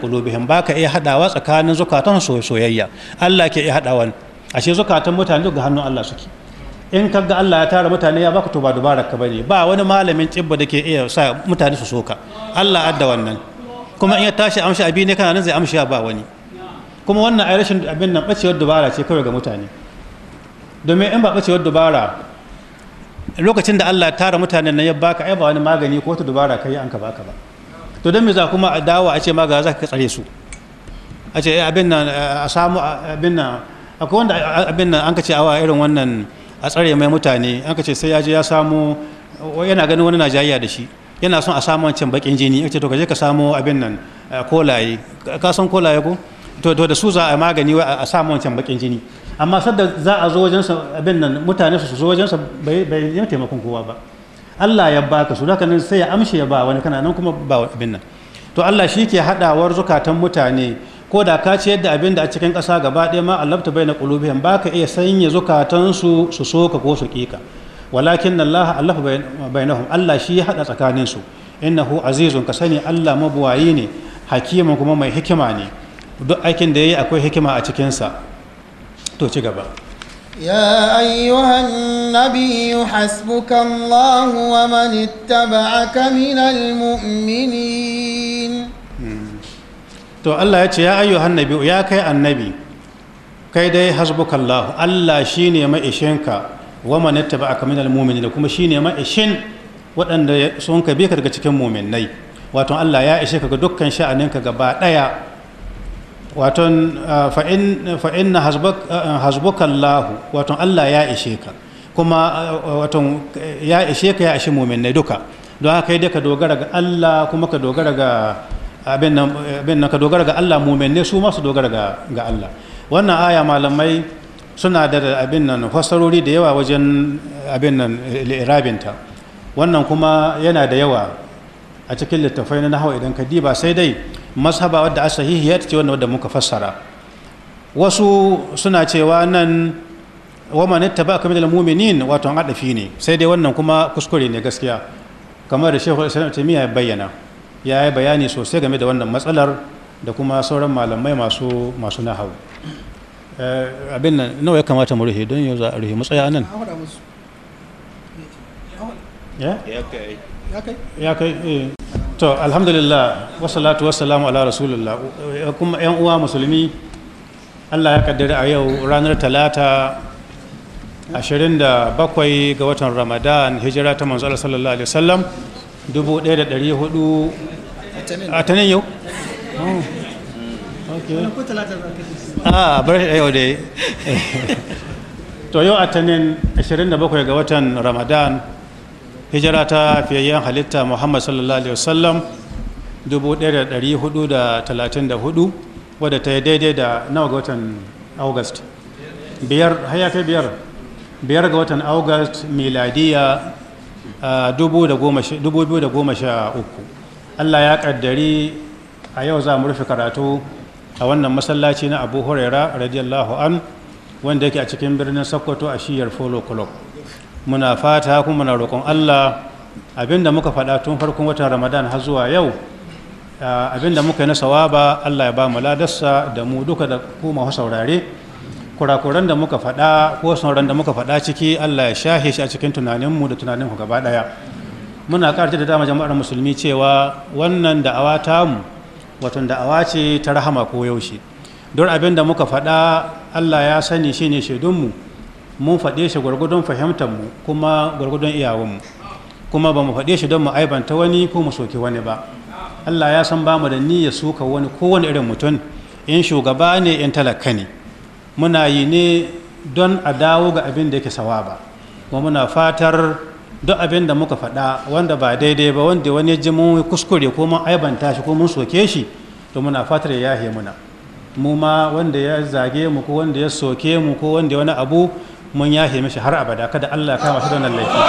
Ba ka iya hadawa tsakanin zukatan soyayya Allah ke iya hadawa ashe zukatan mutane duk ga hannun Allah suke in ka ga Allah ya tara mutane ya baka tuba ba dubara ka bane ba wani malamin cibba da ke iya sa mutane su soka Allah adda wannan kuma in ya tashi amshi abi ne kana nan zai amshi ba wani kuma wannan ai rashin abin nan bacewar dubara ce kawai ga mutane domin in ba bacewar dubara lokacin da Allah ya tara mutanen nan ya baka ai ba wani magani ko ta dubara kai an ka baka ba to don me za kuma a dawo a ce ma ga za ka tsare su a ce eh, abin nan eh, a samu abin nan akwai wanda abin nan an ka ce awa irin wannan a tsare mai mutane an ka ce sai ya je ya samu yana ganin wani na jayya da shi yana son a samu wancan bakin jini ya ce to ka je ka samo abin nan eh, kolaye ka san kolaye ko to da su za a magani a samu wancan bakin jini amma sadda za a zo wajensa abin nan mutane su zo wajensa bai yi taimakon kowa ba Allah ya baka su haka nan sai ya amshe ya ba wani kana nan kuma ba abin nan to Allah shi ke haɗawar zukatan mutane ko da ka ciyar yadda abin da a cikin ƙasa gaba ɗaya ma allabta bai na ƙulubiyan ba ka iya sanya zukatansu su soka ko su ƙiƙa walakin Allah Allah bainahum Allah shi ya haɗa tsakaninsu innahu azizun ka sani Allah mabuwayi ne hakiman kuma mai hikima ne duk aikin da ya yi akwai hikima a cikinsa to ci gaba يا أيها النبي حسبك الله ومن اتبعك من المؤمنين to Allah ya ce ya ayyuhan nabi ya kai annabi kai dai hasbuka Allah Allah shine ma'ishinka wa man ittaba'aka minal mu'minin kuma shine ma'ishin waɗanda sun ka bi daga cikin mu'minai wato Allah ya ishe ka ga dukkan sha'aninka gaba ɗaya waton ah, fa'in na ah, hasbukallahu waton allah ya ishe ka kuma ah, waton ya ishe ka ya ishe muminai duka don haka yi ka dogara ga allah kuma ka dogara ga abin nan ka dogara ga allah ne su masu dogara ga allah wannan aya malamai suna da abin nan fassarori da yawa wajen abin nan rabinta wannan kuma yana da yawa a cikin littafai na nahawa idan ka diba sai dai mashaba wadda asahihiyar ce wanda muka fassara wasu suna cewa nan waman ittaba ka minal mu'minin wato an adafi ne sai dai wannan kuma kuskure ne gaskiya kamar da Shehu Islam ya bayyana ya yi bayani sosai game da wannan matsalar da kuma sauran malamai masu masu nahawu eh, abin nan nawa ya kamata mu rufe don yau a rufe matsaya nan to alhamdulillah wasalatu wasalamu ala rasulullah eh, kuma yan uwa musulmi allah ya kaddara a yau ranar talata 27 ga watan ramadan hijira ta manzo sallallahu alaihi wasallam 1400 hmm. ah, a tanin yau a bar shi yau dai to yau a tanin 27 ga watan ramadan hijira ta fiyayyen halitta muhammad sallallahu alaihi wasallam 1434 wadda ta yi daidai da nawa ga watan august biyar haya kai biyar biyar ga watan august miladiya 2013 allah ya kaddari a yau za mu rufe karatu a wannan masallaci na abu huraira radiyallahu an wanda yake a cikin birnin sokoto a shiyar folo club muna fata kuma muna roƙon Allah abinda muka faɗa tun farkon watan Ramadan har zuwa yau abinda muka yi na sawaba Allah ya ba mu ladarsa da mu duka da kuma saurare kurakuran da muka faɗa ko sauran da muka faɗa ciki Allah ya shahe shi a cikin tunaninmu da tunaninku gaba ɗaya muna ƙarfi da dama jama'ar musulmi cewa wannan da'awa mu wato da'awa ce ta rahama ko yaushe don abin da muka faɗa Allah ya sani shine shaidunmu mun faɗe shi gwargwadon fahimtar mu kuma gwargwadon iyawanmu kuma ba mu faɗe shi don mu aibanta wani ko mu soke wani ba Allah ya san ba mu da niyyar suka wani kowane irin mutum in shugaba ne in talaka ne muna yi ne don a dawo ga abin da yake sawaba kuma muna fatar duk abin da muka faɗa wanda ba daidai ba wanda wani ji mun kuskure ko mun aibanta shi ko mun soke shi to muna fatar ya yahe muna mu ma wanda ya zage mu ko wanda ya soke mu ko wanda wani abu mun yahe mashi har abada kada Allah ya kama shi da nan laifi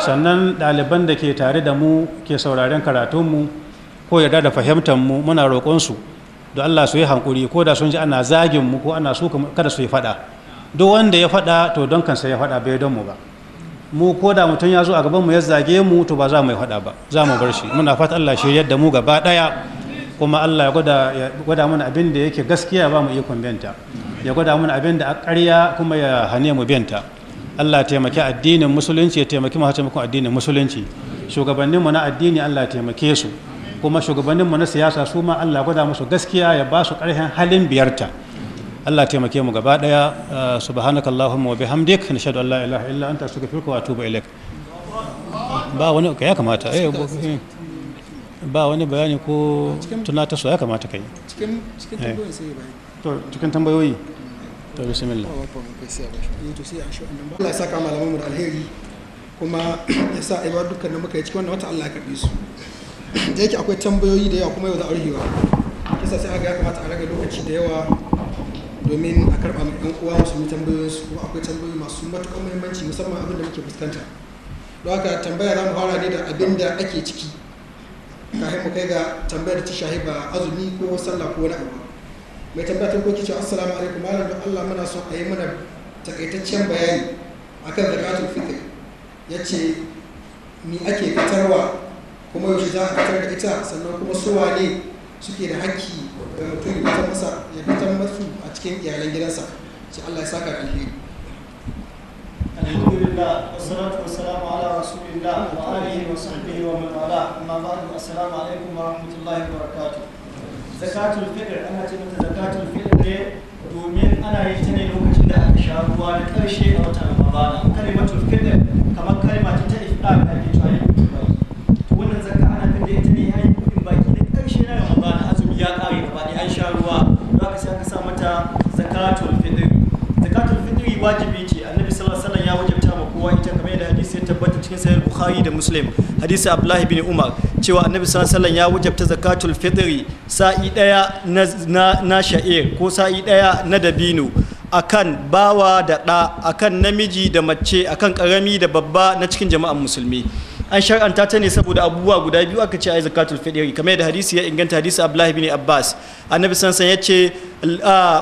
sannan ɗaliban da ke tare da mu ke sauraren karatunmu ko yarda da fahimtar mu muna roƙonsu da Allah su yi hankuri ko da sun ji ana zagin mu ko ana suka kada su yi faɗa duk wanda ya faɗa to don kansa ya faɗa bai don mu ba mu ko da mutum ya zo a gaban mu ya zage mu to ba za mu yi faɗa ba za mu bar shi muna fata Allah shi yadda mu gaba ɗaya kuma Allah ya gwada mana abin da yake gaskiya ba mu iya kwambenta ya gwada mana abin da a ƙarya kuma ya hane mu binta Allah taimaki addinin musulunci ya taimaki mu taimakon addinin musulunci mu na addini Allah taimake su kuma shugabannin mu na siyasa su ma Allah gwada musu gaskiya ya ba su ƙarfin halin biyarta Allah taimake mu gaba daya eh, subhanakallahumma wa bihamdik nashhadu an la ilaha illa anta astaghfiruka wa atubu ilaik ba wani ya kamata eh ba wani bayani ko tunata su ya kamata kai cikin cikin eh. sai bayani to cikin tambayoyi to bismillah eh, Allah ya saka malamanmu da alheri kuma ya sa aibar dukkan da muka yi cikin wannan wata Allah ya karbe su da yake akwai tambayoyi da yawa kuma yau za a rufewa kisa sai aka ya kamata a rage lokaci da yawa domin a karɓa mai ɗan uwa musulmi tambayoyin su kuma akwai tambayoyi masu matuƙar muhimmanci musamman abin da muke fuskanta don haka tambaya za mu fara ne da abin da ake ciki kafin mu kai ga tambayar ta shahi ba azumi ko sallah ko wani abu mai tabbatar ta koki cewa assalamu alaikum malam don Allah muna son a yi mana takaitaccen bayani akan zakatul fitr ce ni ake fitarwa kuma yaushe za a fitar da ita sannan kuma su wane suke da haƙƙi ga mutum ya fitar masa ya fitar masu a cikin iyalan gidansa sai Allah ya saka alheri alhamdulillah wassalatu wassalamu ala rasulillah wa alihi wa sahbihi wa man wala amma ba'du assalamu alaikum wa rahmatullahi wa barakatuh zakatul fitr ana ce mata zakatul fitr ne domin ana yin ta ne lokacin da aka sha ruwa da karshe a watan ramadana mata fitr kamar kalma ce ta iftar da ake cewa yin kuɗin to wannan zakka ana kan da ita ne ya yi kudin baki da karshe na ramadana azumi ya kare gaba ɗaya an sha ruwa za ka sa mata zakatul fitr zakatul fitr wajibi ce tabbata cikin sahih bukhari da muslim hadisi abdullahi bin umar cewa annabi sallallahu ya wajabta zakatul fitri sa'i daya na na, sha'ir ko sa'i daya na dabino akan bawa da ɗa akan namiji da mace akan karami da babba na cikin jama'an musulmi an shar'anta ta ne saboda abubuwa guda biyu aka ce ai zakatul fitri kamar da hadisi ya inganta hadisi Abdullahi bin Abbas annabi sansan ya ce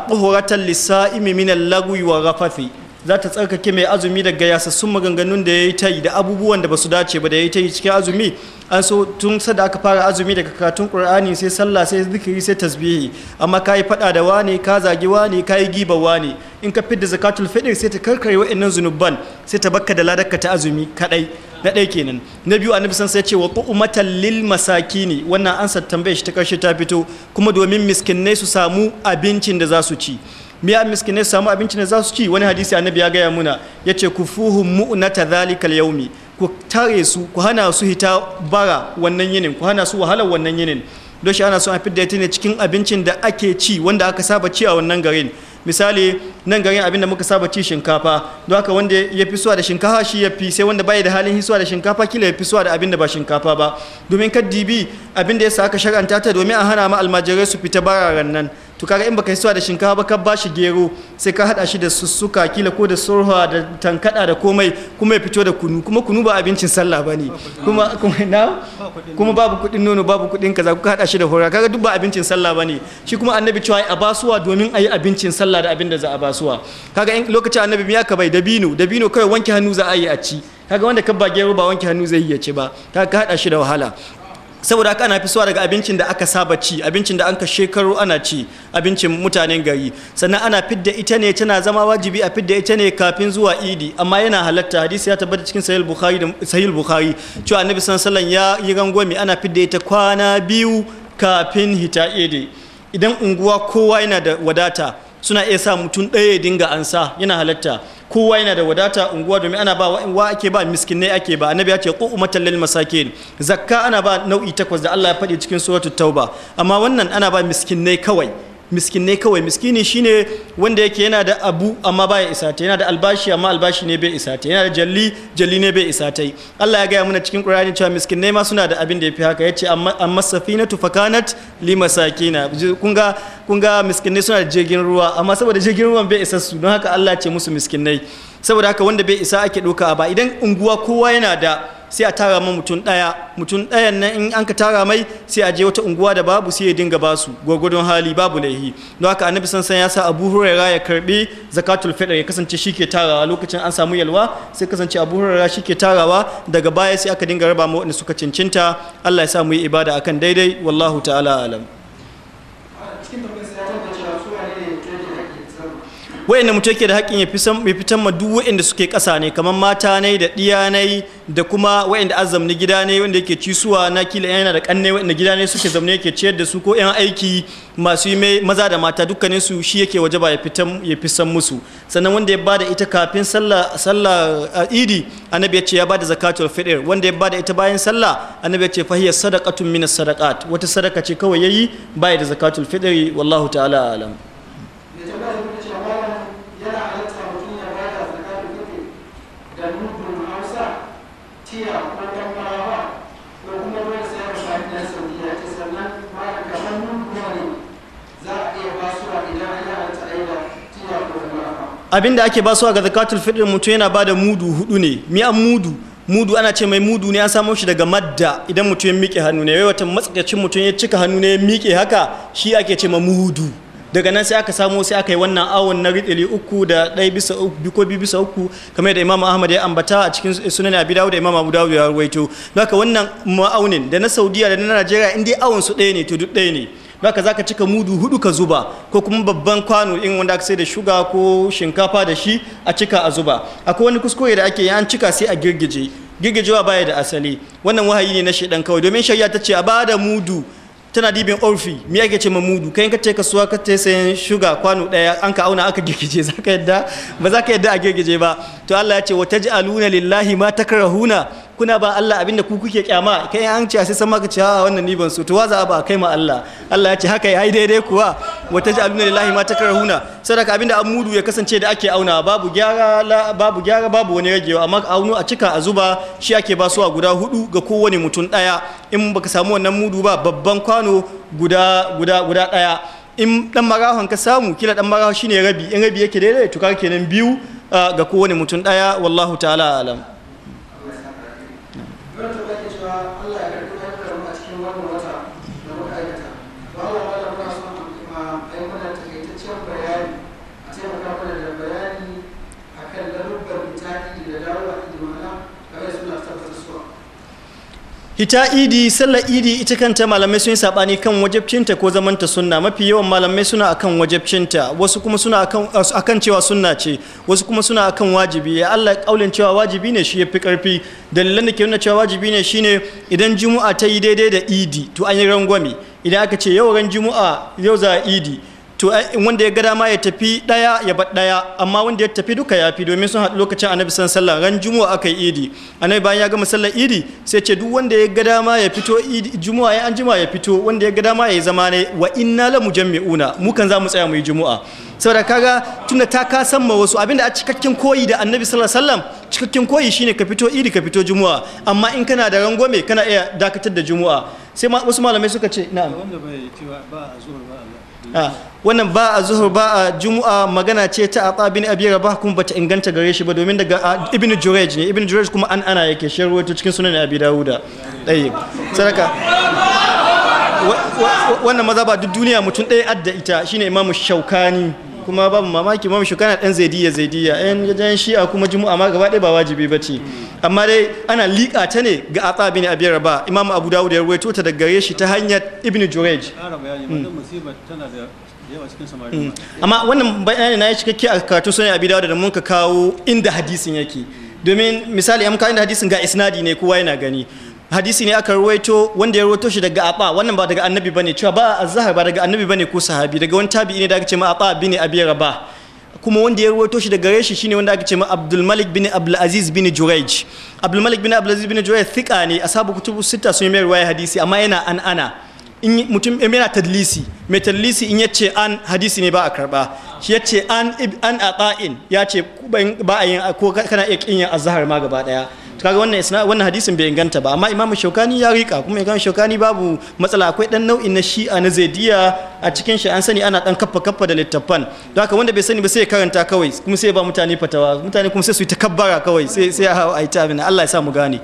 tuhuratan lisa'imi min al-lagwi wa rafathi za ta tsarkake mai azumi daga yasassun maganganun da ya yi ta yi da abubuwan da ba su dace ba da ya yi ta yi cikin azumi an so tun sada aka fara azumi daga karatun qur'ani sai sallah sai zikiri sai tasbihi amma ka yi faɗa da wane ka zagi wane ka yi giba wane in ka fidda zakatul fitr sai ta karkare wa'annan zunuban sai ta bakka da ladarka ta azumi kadai na ɗaya kenan na biyu annabi san sai ce wa qu'umatan lil ne wannan ansar tambayar shi ta karshe ta fito kuma domin miskinai su samu abincin da za su ci Miya miskinai samu abinci ne za su ci wani hadisi annabi ya gaya muna ya ce ku fuhu mu'nata zalikal yaumi ku tare su ku hana su hita bara wannan yinin ku hana su wahalar wannan yinin don shi ana son a fidda ne cikin abincin da ake ci wanda aka saba ci a wannan garin misali nan garin abin da muka saba ci shinkafa don haka wanda ya fi suwa da shinkafa shi ya fi sai wanda baya da halin hisuwa da shinkafa kila ya fi suwa da abin da ba shinkafa ba domin kaddibi abin da ya sa aka shar'anta ta domin a hana ma almajirai su fita bararan nan to kaga in baka suwa da shinkafa ba ka ba shi gero sai ka hada shi da sussuka kila ko da surha da tankada da komai kuma ya fito da kunu kuma kunu ba abincin sallah bane kuma kuma na kuma babu kudin nono babu kudin kaza kuka hada shi da hura kaga duk ba abincin sallah bane shi kuma annabi cewa a basuwa domin ayi abincin sallah da abin da za a basuwa kaga in lokacin annabi ya ka bai dabino dabino kai wanke hannu za a yi a ci kaga wanda ka ba gero ba wanke hannu zai yi ya ci ba kaga ka hada shi da wahala saboda haka ana fisuwa daga abincin da aka saba ci abincin da anka shekaru ana ci abincin mutanen gari sannan ana fidda ita ne tana zama wajibi a fidda ita ne kafin zuwa idi amma yana halatta hadisi ya tabbata cikin sahih bukhari da sahih bukhari cewa annabi sallallahu alaihi wasallam ya yi rangwami ana fidda ita kwana biyu kafin hita idi idan unguwa kowa yana da wadata suna iya sa mutum ɗaya dinga ansa yana halatta kowa yana da wadata unguwa domin ana ba wa ake ba ne ake ba annabi ya ce ku umatan lil masakin zakka ana ba nau'i takwas da Allah ya faɗi cikin suratul tauba amma wannan ana ba ne kawai miskinai kawai miskini shine wanda yake yana da abu amma baya isa yana da albashi amma albashi ne bai isa yana da jalli jalli ne bai isa Allah ya gaya mana cikin Qur'ani cewa ne ma suna da abin da yafi haka yace amma safinatu fakanat limasakina kun ga kun ga miskinai suna da jirgin ruwa amma saboda jirgin ruwan bai isa su don haka Allah ce musu miskinai saboda haka wanda bai isa ake doka ba idan unguwa kowa yana da sai a tara ma mutum ɗaya mutum ɗayan nan in an ka tara mai sai a je wata unguwa da babu sai ya dinga basu gwagwadon hali babu laihi don haka annabi sansan ya sa abu huraira ya karbi zakatul fitr ya kasance shi ke tarawa lokacin an samu yalwa sai kasance abu huraira shi ke tarawa daga baya sai aka dinga raba ma waɗanda suka cincinta allah ya sa mu yi ibada akan daidai wallahu ta'ala alam wayanda mutum yake da haƙƙin ya fitan ma duk wayanda suke ƙasa ne kamar mata ne da ɗiya ne da kuma wayanda azam na gida ne wanda yake ci suwa na kila yana da ƙanne wayanda gida ne suke zamne yake ciyar da su ko yan aiki masu yi maza da mata dukkanin su shi yake waje ba ya fitan ya musu sannan wanda ya bada ita kafin sallah sallah idi annabi ya ce ya bada zakatul fitr wanda ya bada ita bayan sallah annabi ya ce fa hiya sadaqatun min sadaqat wata sadaka ce kawai yayi baya da zakatul fitr wallahu ta'ala alam abinda ake ba su a ga zakatul fitr mutum yana ba da mudu hudu ne mi an mudu mudu ana ce mai mudu ne an samo shi daga madda idan mutum ya miƙe hannu ne wata matsakacin mutum ya cika hannu ne ya miƙe haka shi ake ce ma mudu daga nan sai aka samo sai aka yi wannan awon na riɗili uku da ɗaya bisa uku ko biyu bisa uku kamar da imam ahmad ya ambata a cikin sunan abi dawud da imam abu dawud ya rawaito haka wannan ma'aunin da na saudiya da na najeriya in dai awon su ɗaya ne to duk ɗaya ne baka zaka cika mudu hudu ka zuba ko kuma babban kwano in wanda aka sai da shuga ko shinkafa da shi a cika a zuba akwai wani kuskure da ake yi an cika sai a girgije girgijewa baya da asali wannan wahayi ne na shedan kawai domin shari'a ta ce a bada mudu tana dibin orfi me ke ce ma mudu kai ka ce kasuwa ka ce sayan shuga kwano daya an ka auna aka girgije zaka yadda ba zaka yadda a girgije ba to Allah ya ce wa taj'aluna lillahi ma takrahuna kuna ba Allah abinda ku kuke kyama kai an ce sai san maka cewa ah, wannan ni ban so to waza ba kai ma Allah Allah ya ce haka yayi daidai kuwa wa taj'aluna lillahi ma takrahuna sadaka abinda an mudu ya kasance da ake auna babu gyara babu gyara babu wani ragewa amma auno a cika a zuba shi ake basuwa guda hudu ga kowane mutum daya in baka samu wannan mudu ba babban kwano guda guda guda daya in dan marahon ka samu kila dan marahon shine rabi in rabi yake daidai to kenan biyu ah, ga kowane mutum daya wallahu ta'ala alam ita idi sallar idi ita kanta malamai sun yi sabani kan wajabcinta ko zamanta sunna mafi yawan malamai suna akan wajabcinta wasu kuma suna akan, cewa sunna ce wasu kuma suna akan wajibi ya Allah kaulin cewa wajibi ne shi ya fi karfi dalilan da ke nuna cewa wajibi ne shine idan juma'a ta yi daidai da idi to an yi rangwame idan aka ce yau ran juma'a yau za idi to wanda ya ga dama ya tafi daya ya bar daya amma wanda ya tafi duka ya fi domin sun haɗu lokacin annabi san sallah ran juma'a aka yi idi annabi bayan ya gama sallar idi sai ce duk wanda ya ga dama ya fito idi juma'a ya an juma'a ya fito wanda ya ga dama ya zama ne wa inna la mujammi'una mu kan za mu tsaya mu yi juma'a saboda kaga tunda ta ka san ma wasu abinda a cikakken koyi da annabi sallallahu alaihi wasallam cikakken koyi shine ka fito idi ka fito juma'a amma in kana da rangwame kana iya dakatar da juma'a sai wasu malamai suka ce na'am wanda bai ba a zuwa ba Allah Ah, wannan ba a zuhur ba a jumu'a magana ce ta a tsabin abi ba kuma bata inganta gare shi ba domin daga ah, ibn jurej ne ibn jurej kuma an ana yake shi cikin sunan abi dawuda ɗaya sadaka wannan maza ba duk duniya mutum ɗaya adda ita shine imamu shaukani kuma babu mamaki mamu kana dan zaidiya zaidiya yan yajen shi'a kuma juma'a ma gaba ɗaya ba wajibi ba ce amma dai ana liƙa ta ne ga atsa bin abi raba imamu abu dawud ya ruwaito ta daga gare shi ta hanyar ibnu jurej mm. mm. amma wannan bayani na yi cikakke a karatu sunan abi dawud da mun ka kawo inda hadisin yake domin misali ya kawo inda hadisin ga isnadi ne kowa yana gani hadisi ne aka ruwaito wanda ya ruwaito shi daga aba wannan ba daga annabi bane cewa ba azhar ba daga annabi bane ko sahabi daga wani tabi'i ne da aka ce ma aba bin abi rabah kuma wanda ya ruwaito shi daga reshi shine wanda aka ce ma Abdul Malik bin Abdul Aziz bin Jurayj Abdul Malik bin Abdul Aziz bin Jurayj thika ne ashabu kutubu sita sun yi mai ruwaya hadisi amma yana an ana in mutum yana tadlisi mai tadlisi in yace an hadisi ne ba a karba shi yace an an aqa'in yace ba a yin ko kana iya kin azhar ma gaba daya kaga wannan isna wannan hadisin bai inganta ba amma imamu shaukani ya rika kuma imamu shaukani babu matsala akwai dan nau'in na shi'a na zaidiya a cikin shi an sani ana dan kaffa kaffa da littafan don haka wanda bai sani ba sai ya karanta kawai kuma sai ya ba mutane fatawa mutane kuma sai su yi takabbara kawai sai sai a ta abin Allah ya sa mu gane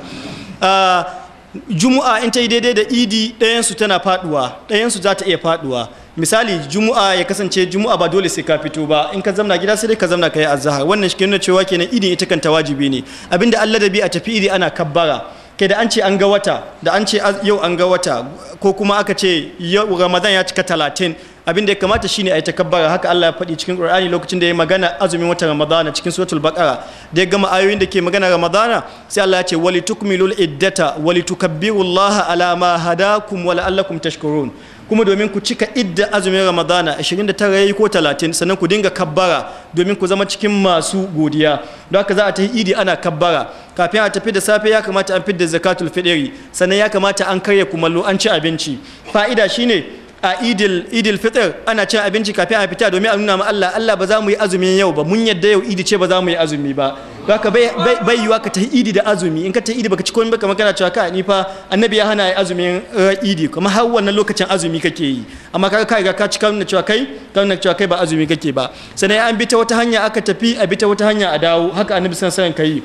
ah, juma'a in ta yi daidai da idi ɗayansu tana faɗuwa ɗayansu za ta iya faɗuwa misali juma'a ya kasance juma'a ba dole sai ka fito ba in ka zamna gida sai dai ka zamna ka yi azahar wannan shi ke nuna cewa kenan idin ita kanta wajibi ne abinda allah da bi a tafi idi ana kabbara kai da an ce an ga wata da an ce yau an ga wata ko kuma aka ce yau ramadan ya cika talatin abin da ya kamata shine a yi takabbara haka Allah ya faɗi cikin Qur'ani lokacin da ya magana azumin watan Ramadana cikin suratul Baqara da ya gama ayoyin da ke magana Ramadana sai Allah ya ce wali tukmilul iddata tukabbirullaha ala ma hadakum wa la'allakum tashkurun kuma domin ku cika idda azumin ramadana 29 yayi ko 30 sannan ku dinga kabbara domin ku zama cikin masu godiya don haka za a tafi idi ana kabbara kafin a tafi da safe ya kamata an fidda zakatul fidiri sannan ya kamata an karya kumallo an ci abinci fa'ida shine a idil fitar ana cin abinci kafin a fita domin a nuna ma Allah Allah ba za mu yi azumi yau ba mun yadda yau idi ce ba za mu yi azumi ba baka bai bai yiwa ka ta idi da azumi in ka ta idi baka ci komai ba kamar cewa ka ni fa annabi ya hana azumin eh, idi kuma har wannan lokacin azumi kake yi amma kaga ka ga ka ci cewa kai cewa kai ba azumi kake ba sannan an bi ta wata hanya aka tafi a bi ta wata hanya a dawo haka annabi san san ka kai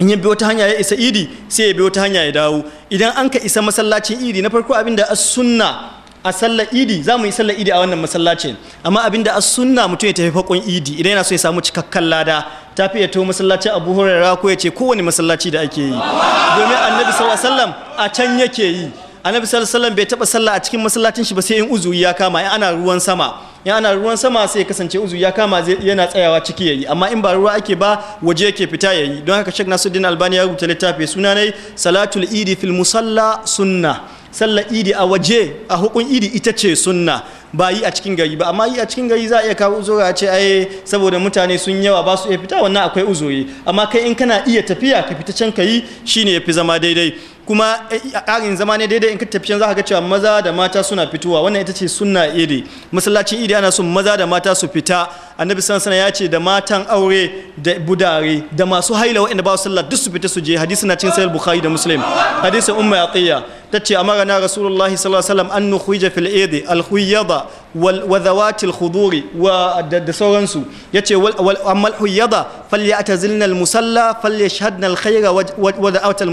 in ya bi wata hanya ya isa idi sai ya bi wata hanya ya dawo idan an ka isa masallacin idi na farko abin da as sunna a sallar idi za mu yi sallar idi a wannan masallacin amma abinda as sunna mutum ya tafi fakon idi idan yana so ya samu cikakken lada ta fi ya to masallacin abu hurara ko ya ce kowane masallaci da ake yi domin annabi sallallahu alaihi a can yake yi annabi sallallahu alaihi bai taba sallah a cikin masallacin shi ba sai in uzuri ya kama in ana ruwan sama in ana ruwan sama sai kasance uzuri ya kama yana tsayawa ciki yayi amma in ba ruwa ake ba waje yake fita yayi don haka Sheikh Nasuddin Albani ya rubuta littafi sunanai Salatul Idi fil Musalla Sunnah sallar idi a waje a hukun idi ita ce sunna ba yi a cikin gari ba amma yi a cikin gari za a iya kawo uzuri a ce ai saboda mutane sun yawa ba su iya fita wannan akwai uzuri amma kai in kana iya tafiya ka fita can ka yi shine ya fi zama daidai kuma ƙarin eh, zama ne daidai in ka tafi can za ka ga cewa maza da mata suna fitowa wannan ita ce sunna idi masallacin idi ana son maza da mata su fita annabi sallallahu sana ya ce da matan aure da budare da masu haila waɗanda ba su sallah duk su fita su je hadisi na cikin sahih bukhari da muslim hadisin ummu ta tace amara na rasulullahi sallallahu alaihi wasallam an nukhija fil idi wa zawatil khuduri wa da sauransu yace wal amal huyyada falyatazilna al musalla falyashhadna al khayra wa da'awat al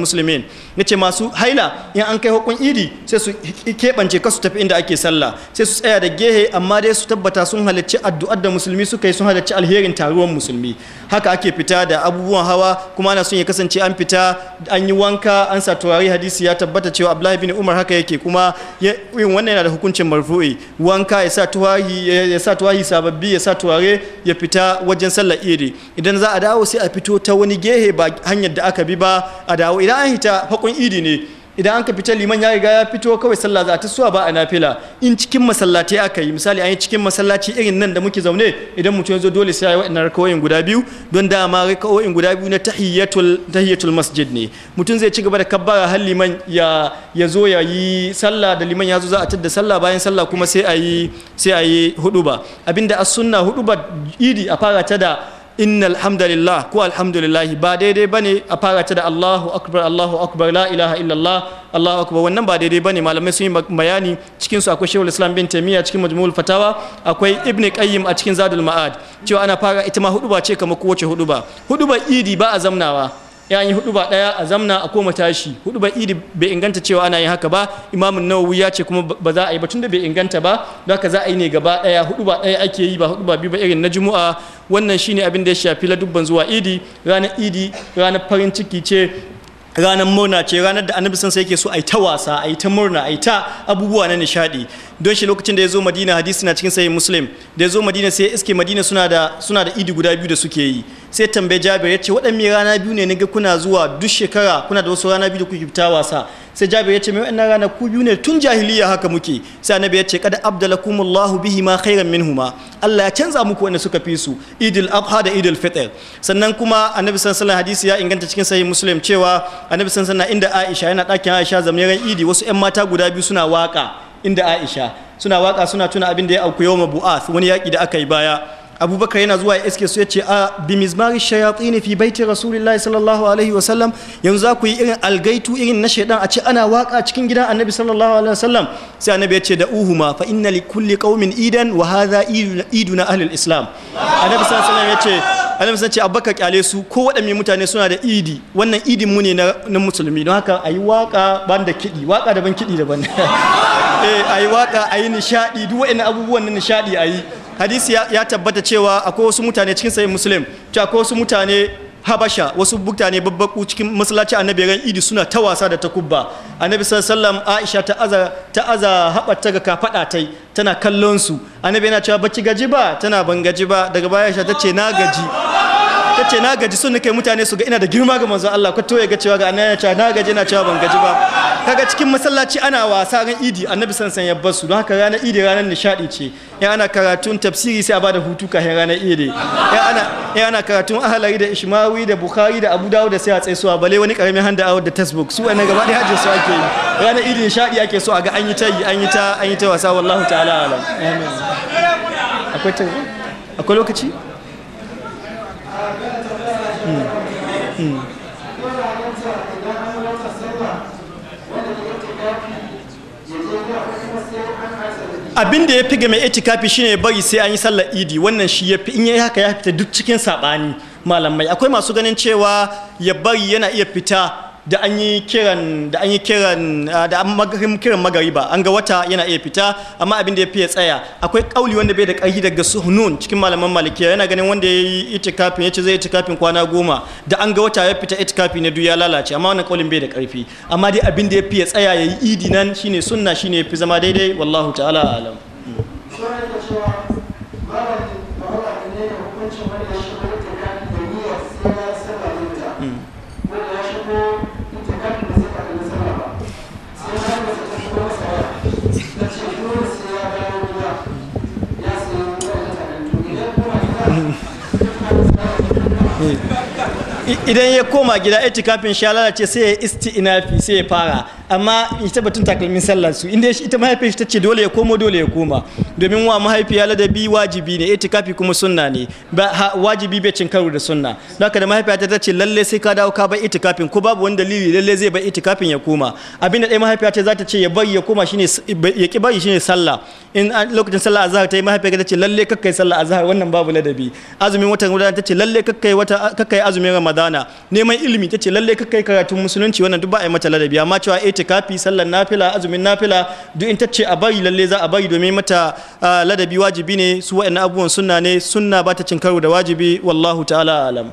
yace masu haila in an kai hukun idi sai su kebance kasu tafi inda ake sallah sai su tsaya da gehe amma dai su tabbata sun halarci addu'ar da musulmi suka yi sun halarci alherin taruwan musulmi haka ake fita da abubuwan hawa kuma ana son ya kasance an fita an yi wanka an sa turare hadisi ya tabbata cewa Abdullahi bin Umar haka yake kuma wannan yana da hukuncin marfu'i wanka ya yasa ya sa tuwahi sababbi ya sa tuware ya fita wajen sallar iri idan za a dawo sai a fito ta wani gehe ba hanyar da aka bi ba a dawo idan an hita fakon idi ne idan an ka fita liman ya riga ya fito kawai sallah za ta suwa ba a nafila in cikin masallatai aka yi misali an yi cikin masallaci irin nan da muke zaune idan mutum ya zo dole sai ya yi waɗannan rakawoyin guda biyu don dama rakawoyin guda biyu na tahiyatul tahiyatul masjid ne mutum zai ci gaba da kabbara har liman ya ya zo ya yi sallah da liman ya zo za a tada sallah bayan sallah kuma sai a yi sai a yi huduba abinda as sunna huduba idi a fara ta da innal hamdalillah ko alhamdulillah ba daidai bane a fara ta da Allahu akbar Allahu akbar la ilaha illallah Allahu akbar wannan ba daidai bane malamai sun yi bayani cikin su akwai Sheikhul Islam bin Taymiyyah cikin Majmu'ul Fatawa akwai Ibn Qayyim a cikin Zadul Ma'ad cewa ana fara ita ma huduba ce kamar kowace huduba ba idi ba a zamnawa ya yi hudu ba daya a zamna a koma tashi hudu ba idi bai inganta cewa ana yin haka ba imamun nawawi ya ce kuma ba za a yi ba tunda bai inganta ba don haka za a yi ne gaba daya hudu ba daya ake yi ba hudu ba biyu ba irin na juma'a wannan shine abin da ya shafi ladubban zuwa idi ranar idi ranar farin ciki ce ranar murna ce ranar da annabi sun sai yake so a ta wasa a yi ta murna a ta abubuwa na nishadi don shi lokacin da ya zo madina hadisi na cikin sahih muslim da ya zo madina sai iske madina suna da idi guda biyu da suke yi sai tambaye jabir ya ce waɗanne rana biyu ne ga kuna zuwa duk shekara kuna da wasu rana biyu da kuke fita wasa sai jabir ya ce mai wannan rana ku biyu ne tun jahiliya haka muke sai annabi ya ce kada abdalakumullahu bihi ma khairan minhuma Allah ya canza muku wanda suka fi su idil adha da idil fitr sannan kuma annabi sallallahu alaihi hadisi ya inganta cikin sahih muslim cewa annabi sallallahu alaihi inda Aisha yana dakin Aisha zamanin idi wasu ƴan mata guda biyu suna waka inda Aisha suna waka suna tuna abin da ya auku yawma bu'ath wani yaki da aka yi baya abubakar yana zuwa ya iske su ya ce a bi mizmari shayatini fi baiti rasulillahi sallallahu alaihi wa sallam. yanzu za ku yi irin algaitu irin na shaidan a ce ana waka cikin gidan annabi sallallahu alaihi sallam sai annabi ya ce da uhuma fa inna li kulli qaumin idan wa hadha iduna ahli islam annabi sallallahu alaihi sallam ya ce annabi ce abubakar kyale su ko wadanne mutane suna da idi wannan idin mu ne na musulmi don haka ayi waka ban da kiɗi waka daban kiɗi daban eh ayi waka ayi nishadi duk wa'annan abubuwan na nishadi ayi hadisi ya tabbata cewa akwai wasu mutane cikin sayin muslim to akwai wasu mutane habasha wasu mutane babbaku cikin masallaci annabi ran idi suna ta wasa da takubba annabi sallallahu aisha ta aza ta aza habatta ga kafada tai tana kallon su annabi yana cewa bacci gaji ba tana ban gaji ba daga baya aisha ce na gaji ta ce na gaji sun nake mutane su ga ina da girma ga manzon Allah kwato ya ga cewa ga annabi ya na gaji na cewa ban gaji ba kaga cikin masallaci ana wasa ran idi annabi san san yabbar su don haka ranar idi ranar nishadi ce in ana karatun tafsiri sai a bada hutu hin ranar idi in ana in ana karatun ahalari da ishmawi da bukhari da abu dawud da sai a tsaisuwa bale wani karamin handa awar da textbook su wannan gaba da hajjin su ake yi ranar idi nishadi ake so a ga an yi ta yi an yi ta an yi ta wasa wallahu ta'ala alam akwai lokaci abin da ya fi game itikafi shine ya bari sai an yi sallar idi wannan shi ya fi in yi haka ya fita duk cikin saɓani malamai akwai masu ganin cewa ya bari yana iya fita da an yi kiran da an yi kiran ah, da an kiran magariba an ga wata yana iya fita amma abin da ya fiye tsaya akwai kauli wanda bai da ƙarfi daga suhunun cikin malaman malikiya yana ganin wanda ya yi itikafin ya ce zai itikafin kwana goma da an ga wata ya fita itikafi ne duk ya lalace amma wannan kaulin bai da ƙarfi amma dai abin da ya fiye tsaya ya yi idi nan shine sunna shine ya fi zama daidai wallahu ta'ala alam. idan ya koma gida itikafin sha lalace sai ya isti inafi sai ya fara amma ita batun takalmin sallar su inda ita mahaifiyar shi tace dole ya komo dole ya koma domin wa mahaifiya ladabi wajibi ne itikafi kuma sunna ne wajibi bai cin karo da sunna don haka da mahaifiya ta tace lalle sai ka dawo ka bar itikafin ko babu wani dalili lalle zai bar itikafin ya koma abinda dai mahaifiya ta za ta ce ya bari ya koma shine ya ki bari shine sallah in lokacin sallah azhar ta yi mahaifiya ta ce lalle kakkai sallah azhar wannan babu ladabi azumin watan ramadana ta ce lalle kakkai wata kakkai azumin ramadana neman ilimi ta ce lalle kakkai karatun musulunci wannan duk ba a yi mata ladabi amma cewa itikafi sallar nafila azumin nafila duk in tace a bari lalle za a bari domin mata ladabi wajibi ne su wa'annan abubuwan sunna ne sunna ba ta cin karo da wajibi wallahu ta'ala alam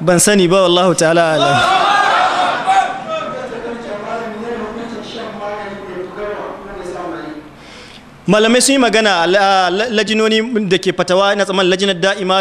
ban sani ba wallahu ta'ala alam malamai sun yi magana a lajinoni da ke fatawa na tsaman lajinar da'ima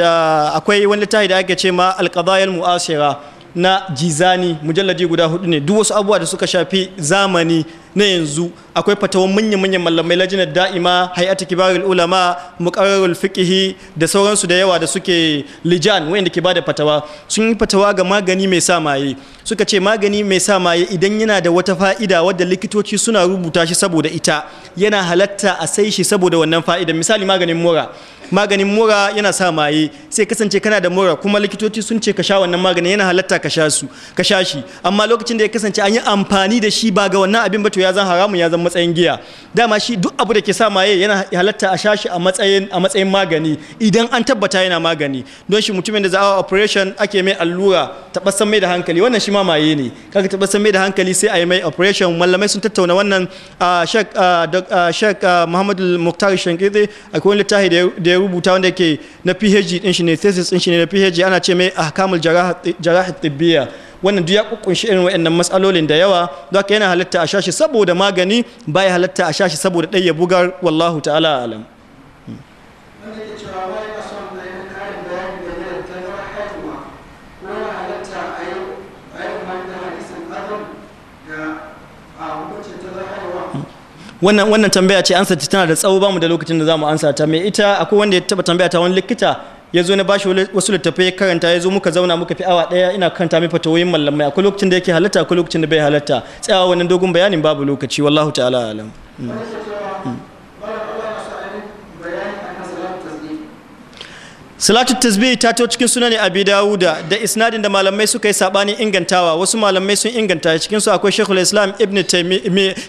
da akwai wani littafi da ake ce ma alkazayar mu'asira na jizani mujallaji guda hudu ne duk wasu abubuwa da suka shafi zamani na yanzu akwai fatawan manya manyan malamai lajinar da'ima hay'atu kibarul ulama muqarrarul fiqhi da sauransu da yawa da suke lijan wayanda ke bada fatawa sun yi fatawa ga magani mai sa maye suka ce magani mai sa maye idan yana da wata fa'ida wadda likitoci suna rubuta shi saboda ita yana halatta a sai shi saboda wannan fa'ida misali maganin mura maganin mura yana sa maye sai kasance kana da mura kuma likitoci sun ce ka sha wannan maganin yana halatta ka sha su ka sha shi amma lokacin da ya kasance an yi amfani da shi ba ga wannan abin ba to ya zan haramun ya zan matsayin giya dama shi duk abu da ke sa maye yana halatta a sha shi a matsayin a matsayin magani idan an tabbata yana magani don shi mutumin da za a operation ake mai allura tabbasan mai da hankali wannan shi ma maye ne kaga tabbasan mai da hankali sai a yi mai operation mallamai sun tattauna wannan shek ah, shek ah, ah, Muhammadu Muktar Shankide akwai wani littafi da ya rubuta wanda yake na PhD din shi ne thesis din shi ne na PhD ana ce mai ahkamul jarah tibbiya wannan duk ya kunshi irin waɗannan matsalolin da yawa don yana halatta a shashi saboda magani baya halatta a shashi saboda ɗaya bugar wallahu ta'ala alam. Hmm. wannan tambaya ce ansa ta tana da tsawo bamu da lokacin da zamu ansa ta me ita akwai wanda ya taba tambaya ta wani likita ya zo na bashi wasu littattafai karanta ya zo muka zauna muka fi awa daya ina karanta mai fatawoyin mallamai akwai lokacin da yake halatta akwai lokacin da bai halatta tsayawa wannan dogon bayanin babu lokaci wallahu ta'ala alam mm. Mm. salatu tasbih ta to cikin sunan abi dawuda da isnadin da malamai suka yi sabani ingantawa wasu malamai sun inganta cikin su akwai shekul islam ibn taymi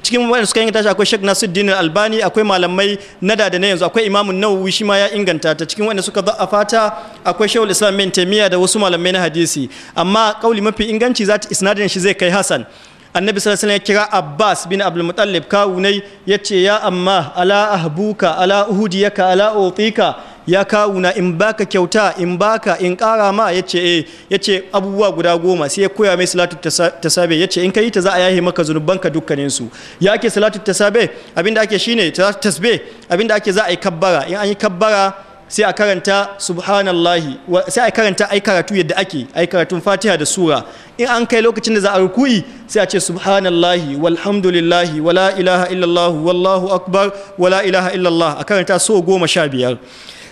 cikin wanda suka inganta shi akwai shek nasuddin albani akwai malamai nada da na yanzu akwai imamun nawawi shi ma ya inganta ta cikin wanda suka da'afa ta akwai shekul islam ibn taymiyyah da wasu malamai na hadisi amma kauli mafi inganci zata isnadin shi zai kai hasan annabi sallallahu alaihi ya kira abbas bin abdul muttalib kawunai yace ya amma ala ahbuka ala uhudiyaka ala utika ya kawuna in baka kyauta in baka in kara ma Ya eh abubuwa guda goma sai ya koya mai salatu tasabe ce in kai ta za a yahe maka zunubanka ka dukkaninsu. ya ake salatu tasabe abinda ake shine tasbe abinda ake za a yi kabbara in an yi kabbara sai a karanta subhanallahi sai a karanta ai karatu yadda ake ai karatun fatiha da sura in an kai lokacin da za a rukui sai a ce subhanallahi walhamdulillahi wala ilaha illallah wallahu akbar wala ilaha illallah a karanta so goma sha biyar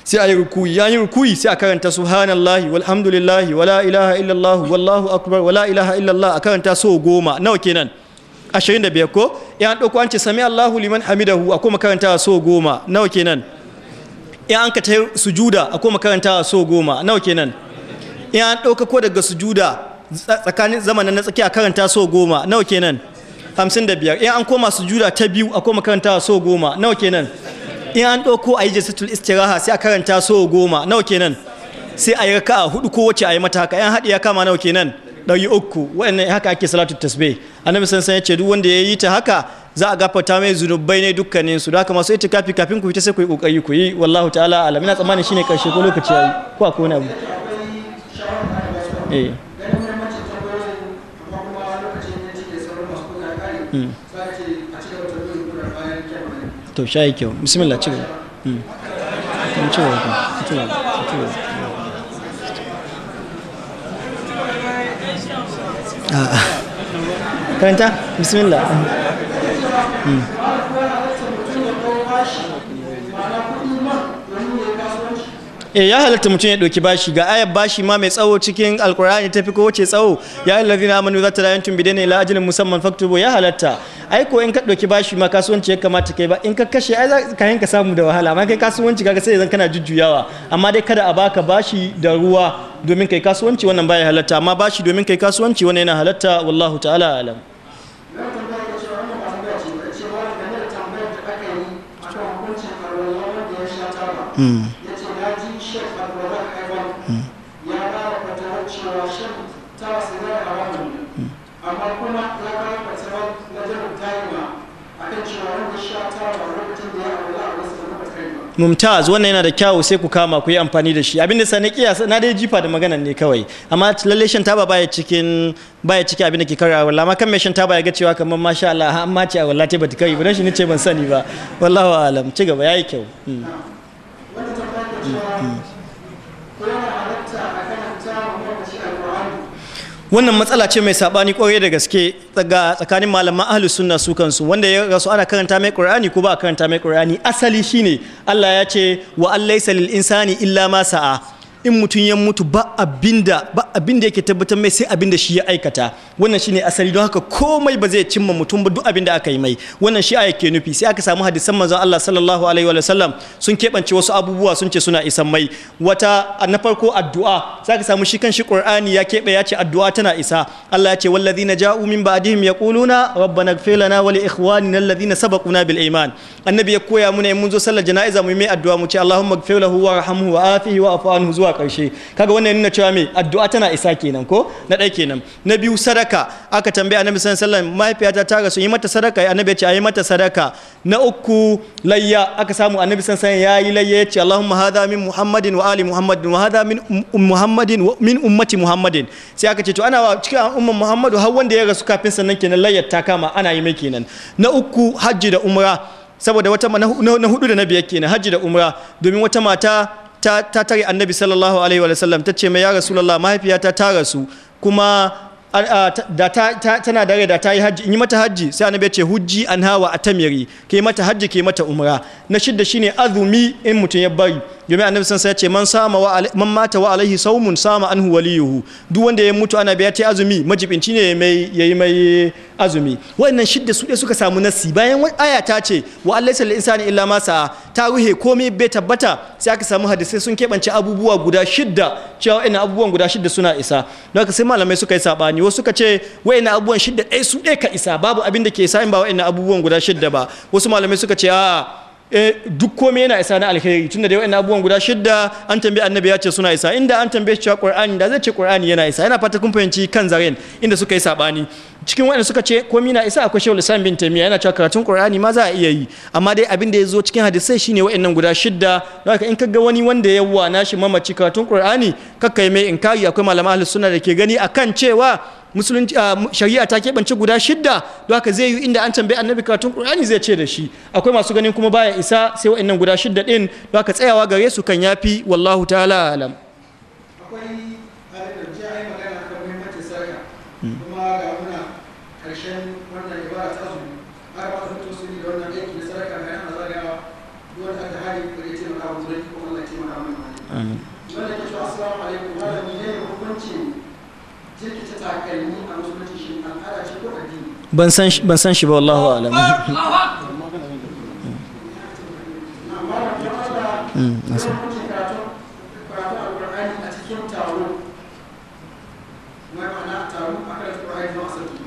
sai a yi rukuyi ya yi rukuyi sai a karanta subhanallahi walhamdulillahi wala ilaha illallah wallahu akbar wala ilaha illallah a karanta so goma nawa kenan 25 ko ya an dauko an ce sami Allahu liman hamidahu a kuma karanta so goma nawa kenan ya an ka ta sujuda a kuma karanta so goma nawa kenan ya an dauka ko daga sujuda tsakanin zamanin na tsakiya karanta so goma nawa kenan 55 ya an koma sujuda ta biyu a kuma karanta so goma nawa kenan in an ɗauko a yi jasatul istiraha sai a karanta so goma nawa kenan sai a yi raka a hudu ko wace a yi mata haka yan haɗe ya kama nawa kenan ɗari uku waɗannan haka ake salatu tasbe annabi sansan ya ce duk wanda ya yi ta haka za a gafarta mai zunubai ne dukkanin su haka masu kafi kafin ku fita sai ku yi kokari ku yi wallahu ta'ala alam ina tsammanin shine karshe ko lokaci yi ko akwai wani abu eh hmm. to sha yi kyau bismillah ci gaba hmm. karanta bismillah e ya halatta mutum ya ɗauki bashi ga ayar bashi ma mai tsawo cikin alkur'ani ta fi kowace tsawo ya halatta lazina amanu za ta rayantun bidane ila ajalin musamman faktubo ya halatta ai ko in ka ɗauki bashi ma kasuwanci ya kamata kai ba in ka kashe ai kayan ka samu da wahala amma kai kasuwanci kaga sai zan kana jujjuyawa amma dai kada a baka bashi da ruwa domin kai kasuwanci wannan baya halatta amma bashi domin kai kasuwanci wannan yana halatta wallahu ta'ala alam Mm. mumtaz wannan yana da kyawu sai ku kama ku yi amfani da shi abin da sani kiyasa na dai jifa da magana ne kawai amma lalle shan taba baya cikin baya cikin abin da ke karawa wallahi amma kan mai shan taba ya ga cewa kamar masha Allah amma ce a wallahi ba ta kai ba dan shi ne ce ban sani ba wallahu alam ci gaba yayi kyau hmm. wannan matsala ce mai sabani kwarai da gaske tsakanin malaman ahli sunna su kansu wanda ya rasu ana karanta mai qur'ani ko ba a karanta mai qur'ani asali shine Allah ya ce wa allaisa lil insani illa ma sa'a in mutum ya mutu ba abinda ba abinda yake tabbatar mai sai abinda shi ya aikata wannan shine asali don haka komai ba zai cimma mutum ba duk abinda aka yi mai wannan shi ake nufi sai aka samu hadisan manzon Allah sallallahu alaihi wa sallam sun keɓance wasu abubuwa sun ce suna isan mai wata na farko addu'a sai aka samu shi kan shi Qur'ani ya kebe ya ce addu'a tana isa Allah ya ce wallazina ja'u min ba'dihim yaquluna rabbana ighfir lana wa li ikhwanina alladhina sabaquna bil iman annabi ya koya muna mun zo sallar jana'iza mu mai addu'a mu ce Allahumma ighfir lahu warhamhu wa afihi wa afu zuwa ƙarshe kaga wannan nuna cewa me addu'a tana isa kenan ko na ɗaya kenan na biyu sadaka aka tambaye annabi sallallahu alaihi wasallam mahaifiyata ta rasu yi mata sadaka annabi ya ce ayi mata sadaka na uku layya aka samu annabi sallallahu alaihi wasallam yayi layya ya ce Allahumma hadha min Muhammadin wa ali Muhammadin wa hadha min um, um, Muhammadin wa min ummati Muhammadin sai aka ce to ana cikin umman Muhammadu har wanda ya rasu kafin sannan kenan layyar ta kama ana yi mai kenan na uku hajji da umra saboda wata na hudu da na biyar kenan hajji da umra domin wata mata ta tare annabi sallallahu alaihi wa sallam ta ce mai ya rasulullah mahaifiyata ta rasu kuma Ah, tana dare da ta yi hajji in yi mata hajji sai annabi ya ce hujji an hawa a tamiri ke mata hajji ke mata umra na shidda shine azumi in mutum ya bari domin annabi sun sai ce man sama wa man mata wa alaihi saumun sama anhu waliyuhu duk wanda ya mutu annabi ya ce azumi majibinci ne mai yayi mai azumi wannan shidda su suka samu nasi bayan aya ta ce wa alaihi insani illa ma sa ta ruhe komai bai tabbata sai aka samu hadisai sun keɓance abubuwa guda shidda cewa ina abubuwan guda shidda suna isa don haka sai malamai suka yi sabani amfani wasu suka ce wayan abubuwan shidda ɗaya eh, su ɗaya ka isa babu abin da ke sa in ba wayan abubuwan guda shidda ba wasu malamai suka ce a eh, duk komai yana isa na alheri tunda da wayan abubuwan guda shidda an tambaye annabi ya ce suna isa inda an tambaye shi cewa qur'ani da zai ce qur'ani yana isa yana fata kun fahimci kan zaren inda suka yi sabani cikin wanda suka ce komi na isa akwai shehu islam bin taimiyya yana cewa karatun qur'ani ma za a iya yi amma dai abin da ya zo cikin hadisai shine wa'annan guda shidda don haka in ga wani wanda ya wa shi mamaci karatun ka kakkai mai inkari akwai malaman ahlus sunna da ke gani akan cewa musulunci ah, shari'a ta keɓance guda shidda don haka zai yi inda an tambayi annabi karatun qur'ani zai ce da shi akwai masu ganin kuma baya isa sai wa'annan guda shidda din don haka tsayawa gare su kan yafi wallahu ta'ala alam ban san shi ba wallahu alam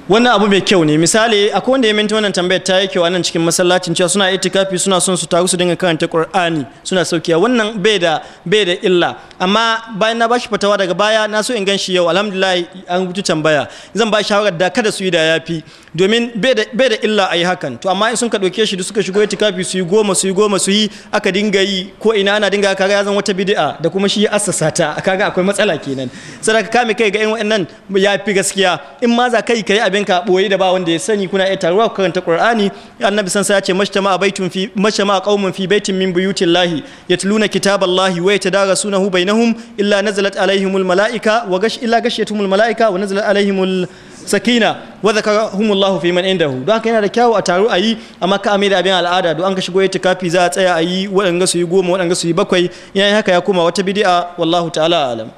wannan abu mai kyau ne misali akwai wanda ya minta wannan tambayar ta yi kyau a nan cikin masallacin cewa suna itikafi suna son su taru su dinga karanta qur'ani suna saukiya wannan bai da bai da illa amma bayan na bashi fatawa daga baya na so in ganshi yau alhamdulillah an rubuta tambaya zan ba shawarar da kada su yi da yafi domin bai da illa a yi hakan to amma in sun ka dauke shi da suka shigo itikafi su yi goma su yi goma su yi aka dinga yi ko ina ana dinga kaga ya zan wata bid'a da kuma shi ya assasa ta kaga akwai matsala kenan sadaka kame kai ga yan wa'annan yafi gaskiya in ma za kai kai abin ka boye da ba wanda ya sani kuna iya taruwa ku karanta Qur'ani annabi san sai ya ce mashtama baitun fi mashtama qaumun fi baitin min buyutillahi yatluna kitaballahi wa yatadarasunahu bainahum illa nazalat alaihimul malaika wa gash illa gashiyatumul malaika wa nazalat alaihimul sakina wa zakarahumullahu fi man indahu don haka yana da kyawu a taro a yi amma ka amida da abin al'ada don an ka shigo itikafi za a tsaya a yi waɗanga su yi goma waɗanga su yi bakwai yana haka ya koma wata bidi'a wallahu ta'ala alam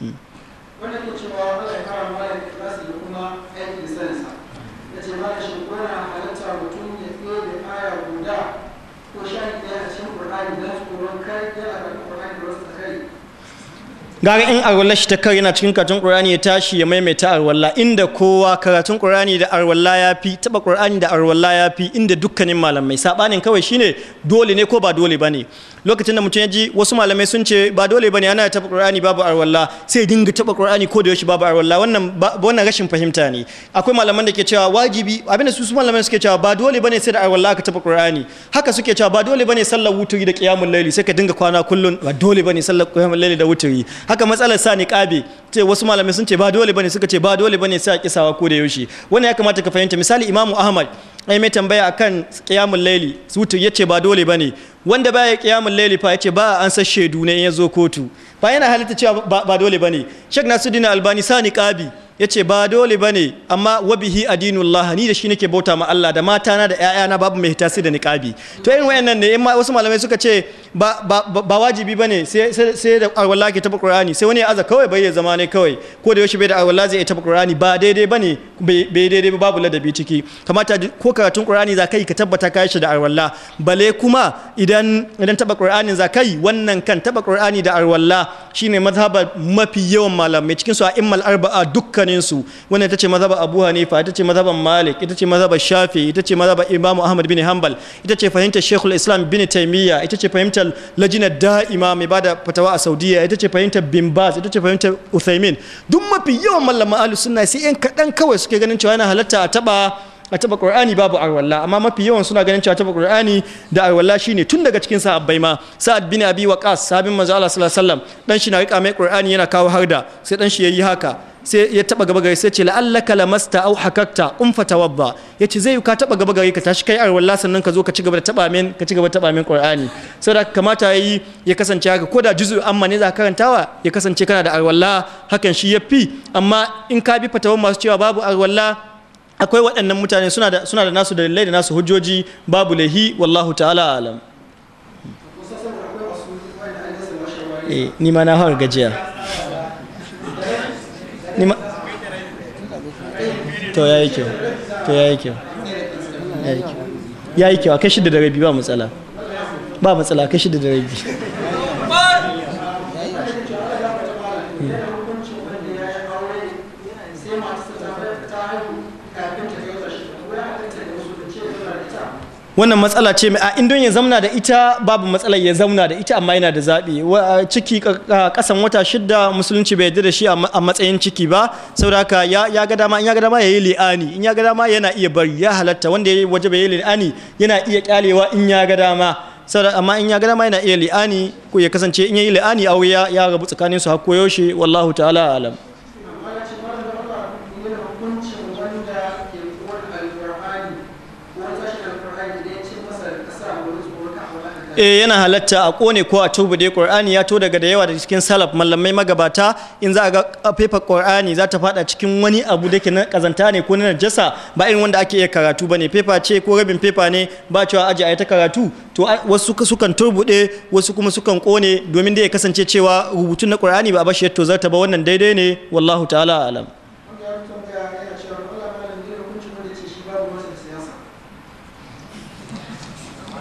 hmm. wannan gara in arwallah shi ta kare yana cikin karatun qur'ani ya tashi ya maimaita arwalla inda kowa karatun qur'ani da arwalla ya fi taba qur'ani da arwalla ya fi inda dukkanin malamai sabanin kawai shine dole ne ko ba dole bane lokacin da mutum ya ji wasu malamai sun ce ba dole bane ana taɓa ƙur'ani babu arwalla sai dinga taɓa ƙur'ani ko da yaushe babu arwalla wannan wannan rashin fahimta ne akwai malaman da ke cewa wajibi abinda su su malamai suke cewa ba dole bane sai da arwalla ka taɓa ƙur'ani haka suke cewa ba dole bane sallar wuturi da ƙiyamun laili sai ka dinga kwana kullun ba dole bane sallar ƙiyamun laili da wuturi haka matsalar sa ni ƙabe ce wasu malamai sun ce ba dole bane suka ce ba dole bane sai a kisawa ko da yaushe wannan ya kamata ka fahimta misali imamu ahmad ai mai tambaya akan qiyamul laili sutu yace ba dole bane wanda baya kiyamun laili fa yace ba an san shaidu ne ya zo kotu ba yana halitta cewa ba dole bane Sheikh Nasiruddin Albani sani qabi yace ba dole bane amma wabihi adinullah ni da shi nake bauta ma Allah da matana da 'ya'yana babu mai hitasi da niqabi to irin wayannan ne in wasu malamai suka ce ba wajibi ba ne sai da alwallah ke taba qur'ani sai wani ya aza kawai bai ya zama ne kawai ko da yaushe bai da alwallah zai taba qur'ani ba daidai ba ne bai daidai ba babu ladabi ciki kamata ko karatun qur'ani za kai ka tabbata kai shi da alwallah bale kuma idan idan taba qur'anin za kai wannan kan taba qur'ani da alwala shine mazhaba mafi yawan malamai cikin su immal arba'a dukkanin su wannan ita ce mazhaba Abu Hanifa ita ce mazhaban Malik ita ce mazhaba Shafi ita ce mazhaba Imam Ahmad bin hambal ita ce fahimtar Sheikhul Islam bin Taymiyyah ita ce fahimtar fahimtar lajinar da'ima mai bada fatawa a saudiya ita ce fahimtar bin baz ita ce fahimtar uthaimin duk mafi yawan mallama ahlus sunna sai yan kaɗan kawai suke ganin cewa yana halatta a taba a taba qur'ani babu arwalla amma mafi yawan suna ganin cewa taba qur'ani da arwalla shine tun daga cikin sahabbai ma sa'ad bin abi waqas sahabin manzo Allah sallallahu alaihi wasallam dan shi na riƙa mai qur'ani yana kawo harda sai dan shi ya yi haka sai ya taba gaba gari sai ce la'allaka lamasta au hakakta um fatawadda yace zai ka taba gaba gari ka tashi kai arwalla sannan ka zo ka ci gaba da taba min ka ci gaba da taba min qur'ani saboda kamata yayi ya kasance haka koda juzu amma ne za ka karantawa ya kasance kana da arwalla hakan shi yafi amma in ka bi fatawan masu cewa babu arwalla akwai waɗannan mutane suna da nasu dalilai da nasu hujjoji babu lahi wallahu ta'ala alam eh, ni ma na har gajiya ma, to yayi kyau to yayi kyau yayi kyau yayi kyau kai shida da rabi ba matsala ba matsala kai shida da rabi wannan matsala ce mai a indon ya zamna da ita babu matsala ya zamna da ita amma yana da zaɓi ciki kasan wata shidda musulunci bai yarda da shi a matsayin ciki ba saboda haka ya ga dama in ya ga dama yayi li'ani in ya ga dama yana iya bari ya halatta wanda ya waje bai yi li'ani yana iya kyalewa in ya ga dama amma in ya ga dama yana iya li'ani ko ya kasance in yayi li'ani aure ya rabu tsakanin su har wallahu ta'ala alam eh yana halatta a kone ko a tubude qur'ani ya to daga da yawa da cikin salaf mallamai magabata in za a ga fefa qur'ani za ta fada cikin wani abu da ke na kazanta ne ko na najasa ba irin wanda ake iya karatu bane fefa ce ko rabin fefa ne ba cewa a ayi ta karatu to wasu sukan turbude wasu kuma sukan kone domin da ya kasance cewa rubutun na qur'ani ba a bashi ya tozarta ba wannan daidai ne wallahu ta'ala alam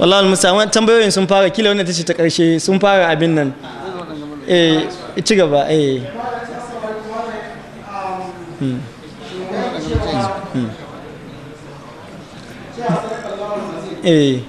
wallahi musamman tambayoyin sun fara kila wannan tace ta karshe sun fara abin nan eh ci gaba eh, hmm. Hmm. eh.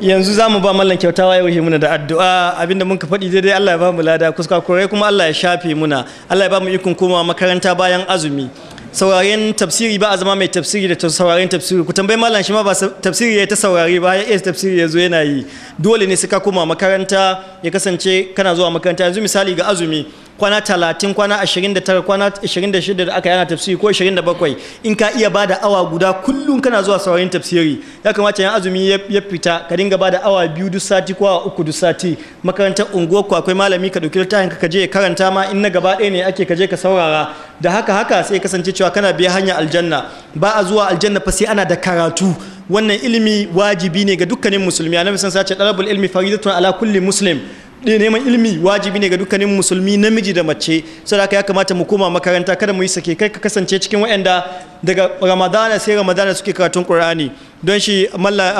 yanzu za mu ba mallan kyautawa yau muna da addu'a abinda muka faɗi daidai Allah ya ba mu lada kuskakurai kuma Allah ya shafe muna Allah ya ba mu ikon komawa makaranta bayan azumi sauraren tafsiri ba a zama mai tafsiri da sauraren tafsiri ku tambayi malam shi ma ba tafsiri ya ta saurare ba ya tafsiri ya zo yana yi dole ne suka koma makaranta ya kasance kana zuwa makaranta yanzu misali ga azumi kwana talatin kwana ashirin da tara kwana ashirin da shida da aka yana tafsiri ko ashirin da bakwai in ka iya ba da awa guda kullum kana zuwa saurayin tafsiri ya kamata yan azumi ya fita ka dinga bada awa biyu duk sati ko awa uku duk sati makarantar unguwar ku akwai malami ka dauki littafin ka je karanta ma in na gaba ɗaya ne ake ka je ka saurara da haka haka sai kasance cewa kana biya hanya aljanna ba a zuwa aljanna fa sai ana da karatu wannan ilimi wajibi ne ga dukkanin musulmi annabi sun sace talabul ilmi faridatun ala kulli muslim neman ilimi wajibi ne ga dukkanin musulmi namiji da mace saboda ya kamata mu koma makaranta kada mu yi sake kai ka kasance cikin waɗanda daga ramadana sai ramadana suke karatun qur'ani don shi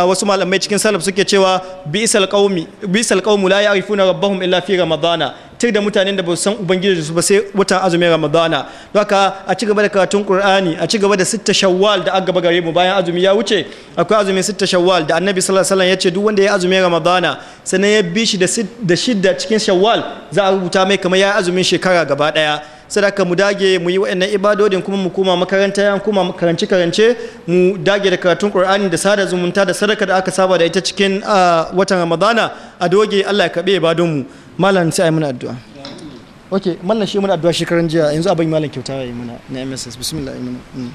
wasu malamai cikin salaf suke cewa bisal qaumi bisal ya la ya'rifuna rabahun illa fi ramadana tir da mutanen da ba san ubangiji su ba sai watan azumin ramadana haka a ci gaba da karatun qur'ani a ci gaba da sitta shawwal da aka gaba gare mu bayan azumi ya wuce akwai azumin sitta shawwal da annabi sallallahu alaihi wasallam ya ce duk wanda ya azumin ramadana sannan ya bi shi da shidda cikin shawwal za a rubuta mai kamar ya azumin shekara gaba daya sadaka mu dage mu yi wa'annan ibadodin kuma mu koma makaranta yan koma karance karance mu dage da karatun Qur'ani da sada zumunta da sadaka da aka saba da ita cikin watan Ramadana a doge Allah ya kabe ibadun mu malam sai mun addu'a Ok mallan shi mun addu'a shekaran jiya yanzu abin malam kyauta ya yi muna na MSS bismillah ayi mm.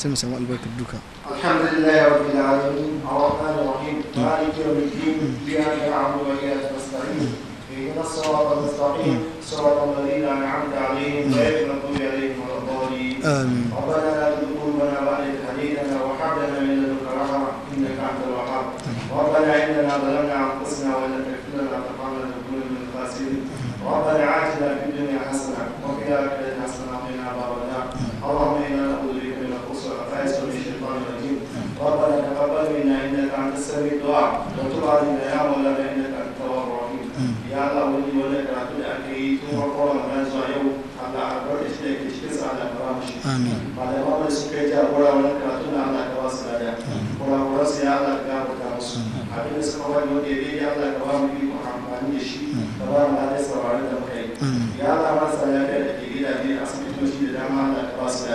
sai mu samu albarkar duka alhamdulillahi rabbil alamin arrahmanir rahim maliki yawmiddin iyyaka da wa iyyaka nasta'in اهدنا الصراط المستقيم صراط الذين انعمت عليهم غير المغضوب عليهم ولا الضالين ربنا لا تذكرنا بعد اذ هديتنا وهب لنا من لدنك رحمه انك انت الوهاب ربنا اننا ظلمنا انفسنا ولا لم تغفر لنا من الخاسرين ربنا عاتنا في الدنيا حسنه وفي الاخره حسنه وقنا عذاب النار اللهم انا نعوذ بك من الخسر والفائز من الشيطان الرجيم ربنا تقبل منا انك انت السميع الدعاء وتب علينا يا مولانا انك da Allah wani karatu da aka yi tun farko Ramadan zuwa yau Allah albarka shi da ke cikin fara mashi amin suka yi jagora karatu na musu abin da suka wani ya amfani da shi ba da muka yi ya ba su da ke asibitoci da dama Allah ka ba su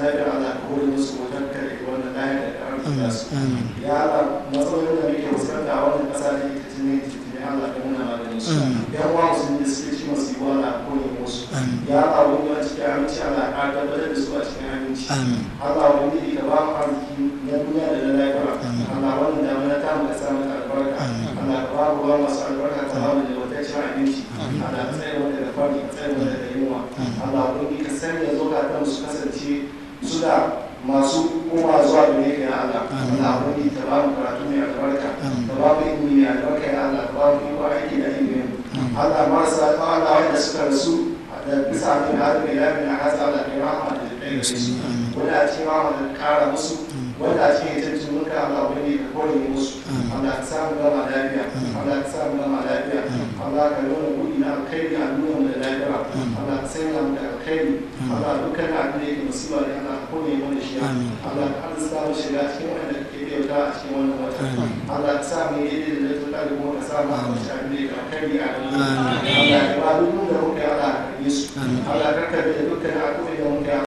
lafiya masu musu wajen kare da su ya muke fuskanta da Allah ka nuna maganin su mm. ya uwa musulmi da suke ci masu yiwa Allah ko ne musu mm. ya Allah wani a cikin aminci Allah ka tabbatar da su a cikin aminci Allah wani ne ka ba mu arziki na duniya da na lafiya Allah wannan damuna ta mu ka mata albarka Allah ka ba ruwa masu albarka ta ba mu da wata cin abinci Allah ka tsaye wanda da fari ka tsaye wanda da yunwa Allah wani ka sanya zukatan su kasance su da. masu kuma zuwa gare ka ya Allah Allah wani ta ba mu karatu mai albarka ta ba mu ilimi mai albarka ya Allah ta ba mu yi wa aiki da ilimin Allah sa marasa Allah wanda suka rasu da bisa abin da harin ya bin hasa da kai rahama da kai wanda a cikin rahama da kara musu wanda a cikin yajen tunanka Allah wani ka kore musu Allah ka samu gama lafiya Allah ka samu gama lafiya Allah ka nuna buɗi na alkhairi a nuna mu da lafiya Allah ka sanya mu da alkhairi Allah duk kan abin da yake musiba ne Allah ka kone mana shi Allah ka arzuta mu shiga cikin wanda kake bauta a cikin wannan wata Allah ka sa mu yi da lafiya da kuma ka sa mu mu sha ne kai a Allah ka ba duk da muke Allah ka yi su Allah ka karbe dukkan abin da